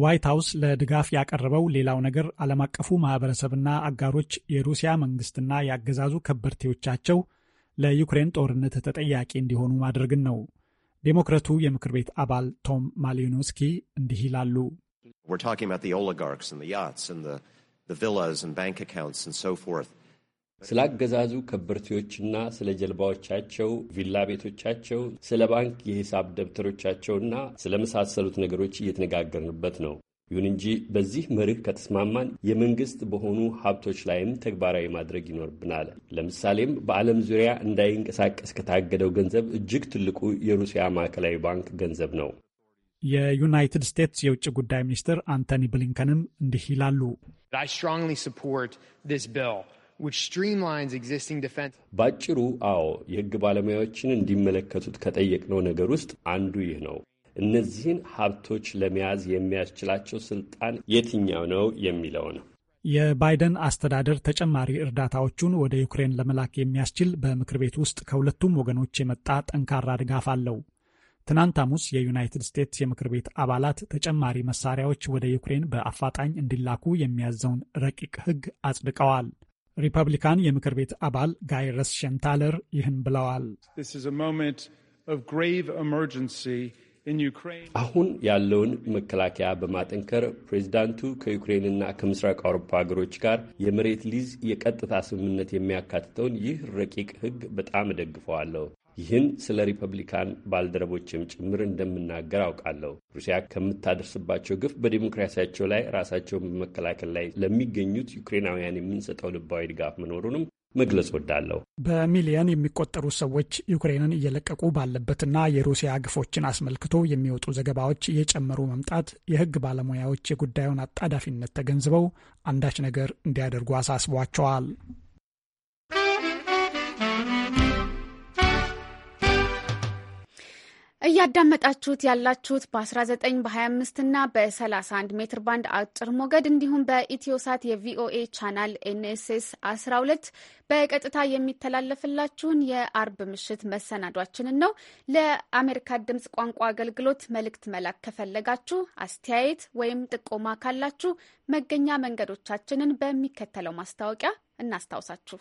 ዋይት ሀውስ ለድጋፍ ያቀረበው ሌላው ነገር ዓለም አቀፉ ማህበረሰብና አጋሮች የሩሲያ መንግስትና የአገዛዙ ከበርቴዎቻቸው ለዩክሬን ጦርነት ተጠያቂ እንዲሆኑ ማድረግን ነው። ዴሞክራቱ የምክር ቤት አባል ቶም ማሊኖስኪ እንዲህ ይላሉ። ኦሊጋርክስ ስለ አገዛዙ ከበርቴዎችና ስለ ጀልባዎቻቸው፣ ቪላ ቤቶቻቸው፣ ስለ ባንክ የሂሳብ ደብተሮቻቸውና ስለመሳሰሉት ነገሮች እየተነጋገርንበት ነው። ይሁን እንጂ በዚህ መርህ ከተስማማን የመንግስት በሆኑ ሀብቶች ላይም ተግባራዊ ማድረግ ይኖርብናል። ለምሳሌም በዓለም ዙሪያ እንዳይንቀሳቀስ ከታገደው ገንዘብ እጅግ ትልቁ የሩሲያ ማዕከላዊ ባንክ ገንዘብ ነው። የዩናይትድ ስቴትስ የውጭ ጉዳይ ሚኒስትር አንቶኒ ብሊንከንም እንዲህ ይላሉ። ባጭሩ አዎ፣ የህግ ባለሙያዎችን እንዲመለከቱት ከጠየቅነው ነገር ውስጥ አንዱ ይህ ነው። እነዚህን ሀብቶች ለመያዝ የሚያስችላቸው ስልጣን የትኛው ነው የሚለው ነው። የባይደን አስተዳደር ተጨማሪ እርዳታዎቹን ወደ ዩክሬን ለመላክ የሚያስችል በምክር ቤት ውስጥ ከሁለቱም ወገኖች የመጣ ጠንካራ ድጋፍ አለው። ትናንት ሐሙስ የዩናይትድ ስቴትስ የምክር ቤት አባላት ተጨማሪ መሳሪያዎች ወደ ዩክሬን በአፋጣኝ እንዲላኩ የሚያዘውን ረቂቅ ህግ አጽድቀዋል። ሪፐብሊካን የምክር ቤት አባል ጋይ ረስሸንታለር ይህን ብለዋል። አሁን ያለውን መከላከያ በማጠንከር ፕሬዚዳንቱ ከዩክሬንና ከምስራቅ አውሮፓ ሀገሮች ጋር የመሬት ሊዝ የቀጥታ ስምምነት የሚያካትተውን ይህ ረቂቅ ሕግ በጣም እደግፈዋለሁ። ይህን ስለ ሪፐብሊካን ባልደረቦችም ጭምር እንደምናገር አውቃለሁ። ሩሲያ ከምታደርስባቸው ግፍ በዲሞክራሲያቸው ላይ ራሳቸውን በመከላከል ላይ ለሚገኙት ዩክሬናውያን የምንሰጠው ልባዊ ድጋፍ መኖሩንም መግለጽ ወዳለሁ። በሚሊየን የሚቆጠሩ ሰዎች ዩክሬንን እየለቀቁ ባለበትና የሩሲያ ግፎችን አስመልክቶ የሚወጡ ዘገባዎች እየጨመሩ መምጣት የሕግ ባለሙያዎች የጉዳዩን አጣዳፊነት ተገንዝበው አንዳች ነገር እንዲያደርጉ አሳስቧቸዋል። እያዳመጣችሁት ያላችሁት በ19 በ25 እና በ31 ሜትር ባንድ አጭር ሞገድ እንዲሁም በኢትዮሳት የቪኦኤ ቻናል ኤንኤስኤስ 12 በቀጥታ የሚተላለፍላችሁን የአርብ ምሽት መሰናዷችንን ነው። ለአሜሪካ ድምፅ ቋንቋ አገልግሎት መልእክት መላክ ከፈለጋችሁ አስተያየት ወይም ጥቆማ ካላችሁ መገኛ መንገዶቻችንን በሚከተለው ማስታወቂያ እናስታውሳችሁ።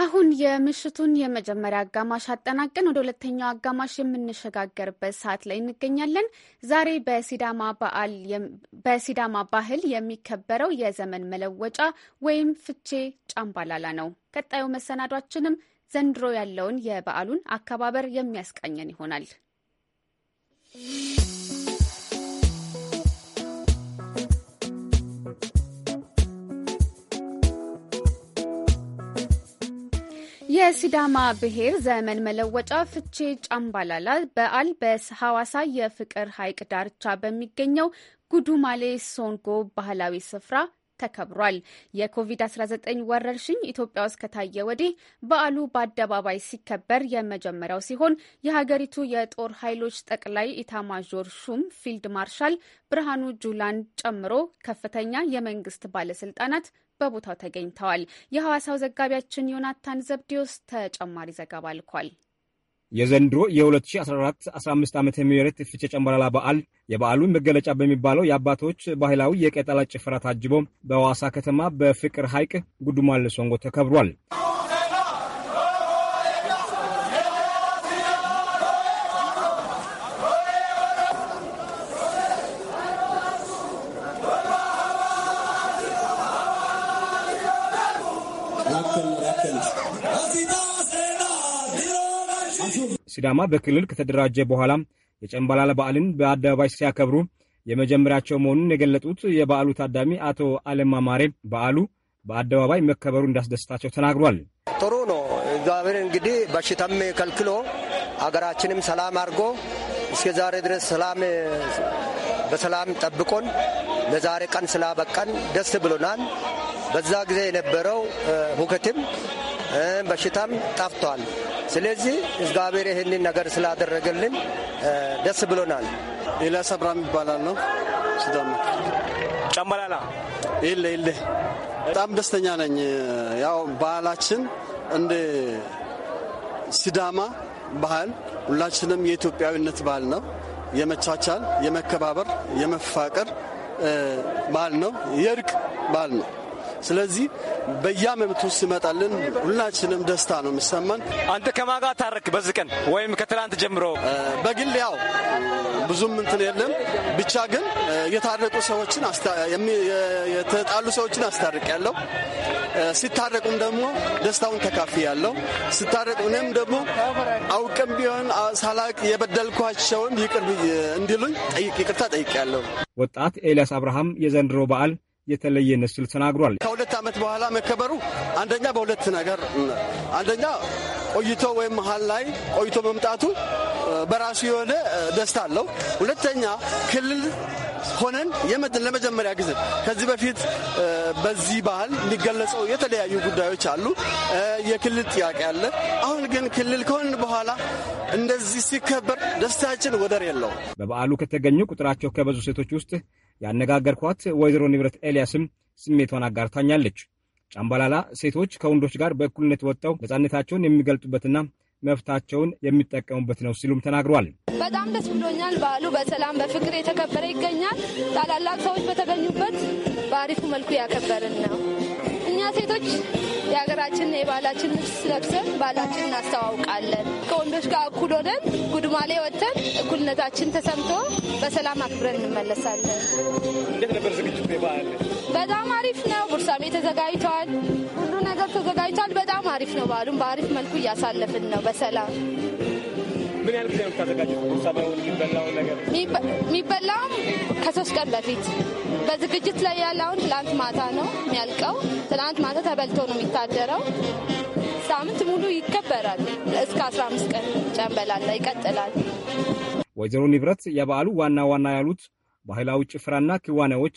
አሁን የምሽቱን የመጀመሪያ አጋማሽ አጠናቀን ወደ ሁለተኛው አጋማሽ የምንሸጋገርበት ሰዓት ላይ እንገኛለን። ዛሬ በሲዳማ ባህል የሚከበረው የዘመን መለወጫ ወይም ፍቼ ጫምባላላ ነው። ቀጣዩ መሰናዷችንም ዘንድሮ ያለውን የበዓሉን አከባበር የሚያስቃኘን ይሆናል። የሲዳማ ብሔር ዘመን መለወጫ ፍቼ ጫምባላላ በዓል በሐዋሳ የፍቅር ሐይቅ ዳርቻ በሚገኘው ጉዱማሌ ሶንጎ ባህላዊ ስፍራ ተከብሯል። የኮቪድ-19 ወረርሽኝ ኢትዮጵያ ውስጥ ከታየ ወዲህ በዓሉ በአደባባይ ሲከበር የመጀመሪያው ሲሆን የሀገሪቱ የጦር ኃይሎች ጠቅላይ ኢታማዦር ሹም ፊልድ ማርሻል ብርሃኑ ጁላን ጨምሮ ከፍተኛ የመንግስት ባለስልጣናት በቦታው ተገኝተዋል። የሐዋሳው ዘጋቢያችን ዮናታን ዘብዲዮስ ተጨማሪ ዘገባ ልኳል። የዘንድሮ የ2014-15 ዓ ም ፍቼ ጨምበላላ በዓል የበዓሉ መገለጫ በሚባለው የአባቶች ባህላዊ የቀጠላ ጭፈራ ታጅቦ በሐዋሳ ከተማ በፍቅር ሐይቅ ጉዱማል ሶንጎ ተከብሯል። ሲዳማ በክልል ከተደራጀ በኋላ የጨምባላላ በዓልን በአደባባይ ሲያከብሩ የመጀመሪያቸው መሆኑን የገለጡት የበዓሉ ታዳሚ አቶ አለማማሬ በዓሉ በአደባባይ መከበሩ እንዳስደስታቸው ተናግሯል። ጥሩ ነው። እግዚአብሔር እንግዲህ በሽታም ከልክሎ አገራችንም ሰላም አድርጎ እስከ ዛሬ ድረስ ሰላም በሰላም ጠብቆን ለዛሬ ቀን ስላበቀን ደስ ብሎናል። በዛ ጊዜ የነበረው ሁከትም በሽታም ጠፍቷል። ስለዚህ እግዚአብሔር ይህንን ነገር ስላደረገልን ደስ ብሎናል። ሌላ ሰብራም ይባላል ነው ሲዳማ ጨመላላ ይለ ይለ በጣም ደስተኛ ነኝ። ያው ባህላችን እንደ ሲዳማ ባህል ሁላችንም የኢትዮጵያዊነት ባህል ነው። የመቻቻል፣ የመከባበር፣ የመፋቀር ባህል ነው። የእርቅ ባህል ነው። ስለዚህ በየአመቱ ሲመጣልን ሁላችንም ደስታ ነው የሚሰማን። አንተ ከማን ጋር ታረክ በዚህ ቀን ወይም ከትላንት ጀምሮ? በግል ያው ብዙም እንትን የለም ብቻ ግን የታረቁ ሰዎችን የተጣሉ ሰዎችን አስታርቅ ያለው ሲታረቁም ደግሞ ደስታውን ተካፊ ያለው ሲታረቁ እኔም ደግሞ አውቅም ቢሆን ሳላቅ የበደልኳቸውን ይቅር እንዲሉኝ ይቅርታ ጠይቅ ያለው ወጣት ኤልያስ አብርሃም የዘንድሮ በዓል የተለየ ነው ሲል ተናግሯል። ከሁለት ዓመት በኋላ መከበሩ አንደኛ በሁለት ነገር አንደኛ ቆይቶ ወይም መሀል ላይ ቆይቶ መምጣቱ በራሱ የሆነ ደስታ አለው። ሁለተኛ ክልል ሆነን የመድን ለመጀመሪያ ጊዜ ከዚህ በፊት በዚህ ባህል የሚገለጸው የተለያዩ ጉዳዮች አሉ። የክልል ጥያቄ አለ። አሁን ግን ክልል ከሆን በኋላ እንደዚህ ሲከበር ደስታችን ወደር የለው። በበዓሉ ከተገኙ ቁጥራቸው ከበዙ ሴቶች ውስጥ ያነጋገርኳት ወይዘሮ ንብረት ኤልያስም ስሜቷን አጋርታኛለች። ጫምባላላ ሴቶች ከወንዶች ጋር በእኩልነት ወጥተው ነጻነታቸውን የሚገልጡበትና መብታቸውን የሚጠቀሙበት ነው ሲሉም ተናግሯል። በጣም ደስ ብሎኛል። በዓሉ በሰላም በፍቅር የተከበረ ይገኛል። ታላላቅ ሰዎች በተገኙበት በአሪፉ መልኩ ያከበርን ነው። እኛ ሴቶች የሀገራችን የባህላችን ልብስ ለብሰን ባህላችን እናስተዋውቃለን። ከወንዶች ጋር እኩል ሆነን ጉድማሌ ወጥተን እኩልነታችን ተሰምቶ በሰላም አክብረን እንመለሳለን። እንዴት ነበር ዝግጅቱ? በጣም አሪፍ ነው። ቡርሳሜ ተዘጋጅቷል። ሁሉ ነገር ተዘጋጅቷል። በጣም አሪፍ ነው። በዓሉን በአሪፍ መልኩ እያሳለፍን ነው በሰላም ያህል ጊዜ ነው ሰበው የሚበላውን ነገር የሚበላውም ከሶስት ቀን በፊት በዝግጅት ላይ ያለ አሁን ትናንት ማታ ነው የሚያልቀው። ትላንት ማታ ተበልቶ ነው የሚታደረው። ሳምንት ሙሉ ይከበራል። እስከ አስራ አምስት ቀን ጨንበላላ ይቀጥላል። ወይዘሮ ንብረት የበዓሉ ዋና ዋና ያሉት ባህላዊ ጭፈራና ክዋኔዎች፣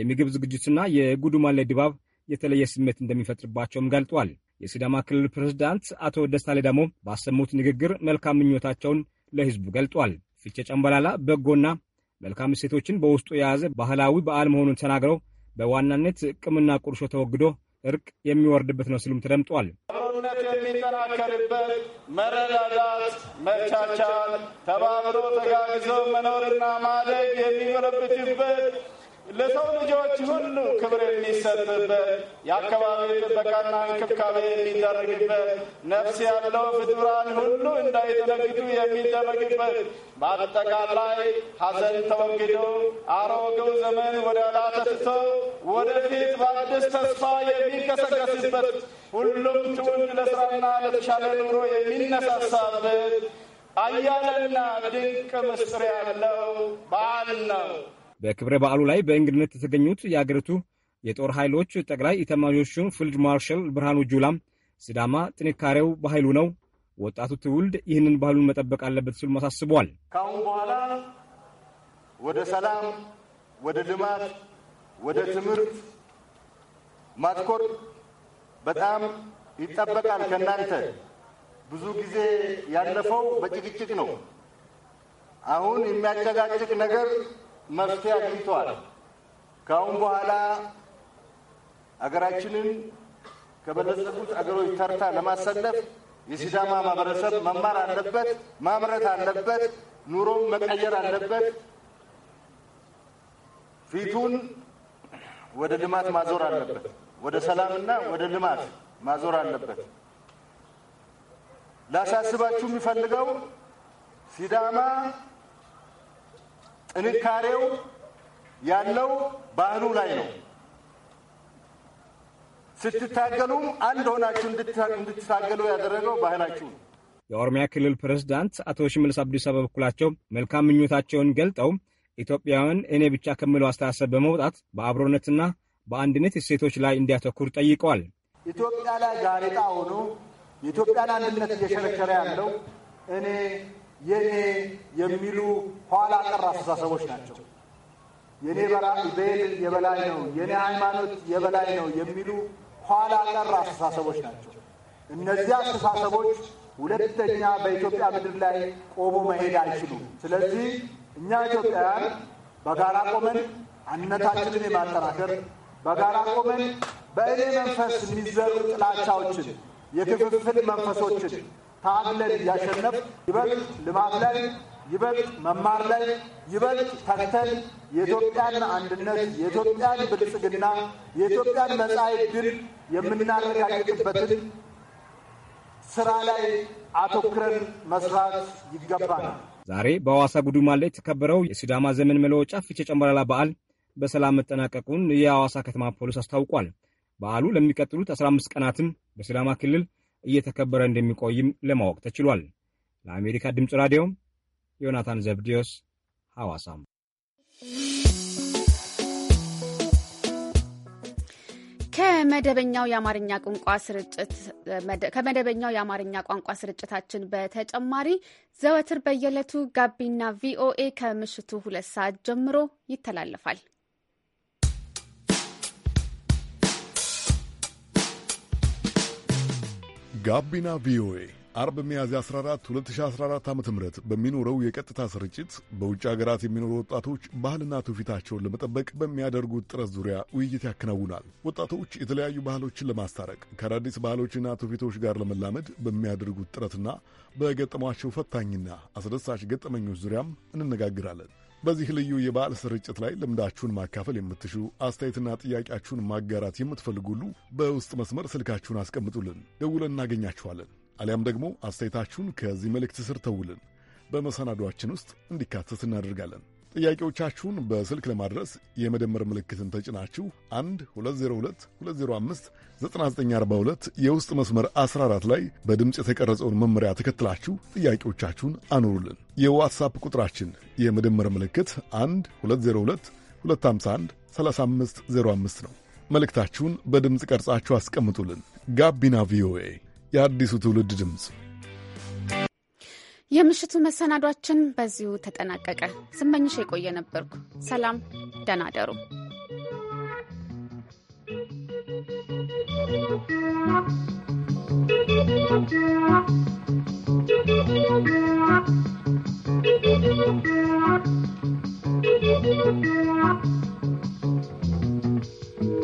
የምግብ ዝግጅትና የጉዱማሌ ድባብ የተለየ ስሜት እንደሚፈጥርባቸውም ገልጧል። የሲዳማ ክልል ፕሬዝዳንት አቶ ደስታ ሌዳሞ ባሰሙት ንግግር መልካም ምኞታቸውን ለህዝቡ ገልጧል። ፍቼ ጨምበላላ በጎና መልካም እሴቶችን በውስጡ የያዘ ባህላዊ በዓል መሆኑን ተናግረው በዋናነት ቅምና ቁርሾ ተወግዶ እርቅ የሚወርድበት ነው ሲሉም ተደምጧል። አብሮነት የሚጠናከርበት መረዳዳት፣ መቻቻል፣ ተባብሮ ተጋግዞ መኖርና ማደግ የሚጎለብትበት ለሰው ልጆች ሁሉ ክብር የሚሰጥበት የአካባቢ ጥበቃና እንክብካቤ የሚደረግበት ነፍስ ያለው ፍጡራን ሁሉ እንዳይደነግጡ የሚደረግበት በአጠቃላይ ሐዘን ተወግዶ አሮጌው ዘመን ወደ ኋላ ወደፊት በአዲስ ተስፋ የሚቀሰቀስበት ሁሉም ትውልድ ለስራና ለተሻለ ኑሮ የሚነሳሳበት አያለና ድንቅ ምስጢር ያለው በዓል ነው። በክብረ በዓሉ ላይ በእንግድነት የተገኙት የአገሪቱ የጦር ኃይሎች ጠቅላይ ኢታማዦር ሹም ፊልድ ማርሻል ብርሃኑ ጁላም ሲዳማ ጥንካሬው በኃይሉ ነው፣ ወጣቱ ትውልድ ይህንን ባህሉን መጠበቅ አለበት ሲሉ አሳስበዋል። ከአሁን በኋላ ወደ ሰላም፣ ወደ ልማት፣ ወደ ትምህርት ማትኮር በጣም ይጠበቃል ከእናንተ። ብዙ ጊዜ ያለፈው በጭቅጭቅ ነው። አሁን የሚያጨጋጭቅ ነገር መፍትሄ አግኝተዋል። ከአሁን በኋላ አገራችንን ከበለጸጉት አገሮች ተርታ ለማሰለፍ የሲዳማ ማህበረሰብ መማር አለበት፣ ማምረት አለበት፣ ኑሮም መቀየር አለበት፣ ፊቱን ወደ ልማት ማዞር አለበት፣ ወደ ሰላምና ወደ ልማት ማዞር አለበት። ላሳስባችሁ የሚፈልገው ሲዳማ ጥንካሬው ያለው ባህሉ ላይ ነው። ስትታገሉም አንድ ሆናችሁ እንድትታገሉ ያደረገው ባህላችሁ ነው። የኦሮሚያ ክልል ፕሬዝዳንት አቶ ሽመልስ አብዲሳ በበኩላቸው መልካም ምኞታቸውን ገልጠው ኢትዮጵያውያን እኔ ብቻ ከሚለው አስተሳሰብ በመውጣት በአብሮነትና በአንድነት እሴቶች ላይ እንዲያተኩር ጠይቀዋል። ኢትዮጵያ ላይ ጋሬጣ ሆኖ የኢትዮጵያን አንድነት እየሸረሸረ ያለው እኔ የኔ የሚሉ ኋላ ቀር አስተሳሰቦች ናቸው። የኔ ብሔር የበላይ ነው፣ የኔ ሃይማኖት የበላይ ነው የሚሉ ኋላ ቀር አስተሳሰቦች ናቸው። እነዚህ አስተሳሰቦች ሁለተኛ በኢትዮጵያ ምድር ላይ ቆሞ መሄድ አይችሉም። ስለዚህ እኛ ኢትዮጵያውያን በጋራ ቆመን አንድነታችንን የማጠናከር በጋራ ቆመን በእኔ መንፈስ የሚዘሩ ጥላቻዎችን፣ የክፍፍል መንፈሶችን ታግለን እያሸነፍ ይበልጥ ልማት ላይ ይበልጥ መማር ላይ ይበልጥ ተግተን የኢትዮጵያን አንድነት፣ የኢትዮጵያን ብልጽግና፣ የኢትዮጵያን መጻኢ ዕድል የምናረጋግጥበትን ስራ ላይ አተኩረን መስራት ይገባል። ዛሬ በሐዋሳ ላይ የተከበረው የሲዳማ ዘመን መለወጫ ፊቼ ጨምበላላ በዓል በሰላም መጠናቀቁን የሐዋሳ ከተማ ፖሊስ አስታውቋል። በዓሉ ለሚቀጥሉት 15 ቀናትም በሲዳማ ክልል እየተከበረ እንደሚቆይም ለማወቅ ተችሏል። ለአሜሪካ ድምፅ ራዲዮም ዮናታን ዘብዲዮስ ሐዋሳም። ከመደበኛው የአማርኛ ቋንቋ ስርጭት ከመደበኛው የአማርኛ ቋንቋ ስርጭታችን በተጨማሪ ዘወትር በየዕለቱ ጋቢና ቪኦኤ ከምሽቱ ሁለት ሰዓት ጀምሮ ይተላለፋል። ጋቢና ቪኦኤ አርብ ሚያዝያ 14 2014 ዓ ም በሚኖረው የቀጥታ ስርጭት በውጭ ሀገራት የሚኖሩ ወጣቶች ባህልና ትውፊታቸውን ለመጠበቅ በሚያደርጉት ጥረት ዙሪያ ውይይት ያከናውናል። ወጣቶች የተለያዩ ባህሎችን ለማስታረቅ ከአዳዲስ ባህሎችና ትውፊቶች ጋር ለመላመድ በሚያደርጉት ጥረትና በገጠሟቸው ፈታኝና አስደሳች ገጠመኞች ዙሪያም እንነጋግራለን። በዚህ ልዩ የበዓል ስርጭት ላይ ልምዳችሁን ማካፈል የምትሹ አስተያየትና ጥያቄያችሁን ማጋራት የምትፈልጉ ሁሉ በውስጥ መስመር ስልካችሁን አስቀምጡልን፣ ደውለን እናገኛችኋለን። አሊያም ደግሞ አስተያየታችሁን ከዚህ መልእክት ስር ተውልን፣ በመሰናዷችን ውስጥ እንዲካተት እናደርጋለን። ጥያቄዎቻችሁን በስልክ ለማድረስ የመደመር ምልክትን ተጭናችሁ 1 የውስጥ መስመር 14 ላይ በድምፅ የተቀረጸውን መመሪያ ተከትላችሁ ጥያቄዎቻችሁን አኑሩልን። የዋትሳፕ ቁጥራችን የመደመር ምልክት 1 ነው። መልእክታችሁን በድምፅ ቀርጻችሁ አስቀምጡልን። ጋቢና ቪኦኤ የአዲሱ ትውልድ ድምፅ የምሽቱ መሰናዷችን በዚሁ ተጠናቀቀ። ስመኝሽ የቆየ ነበርኩ። ሰላም፣ ደህና you.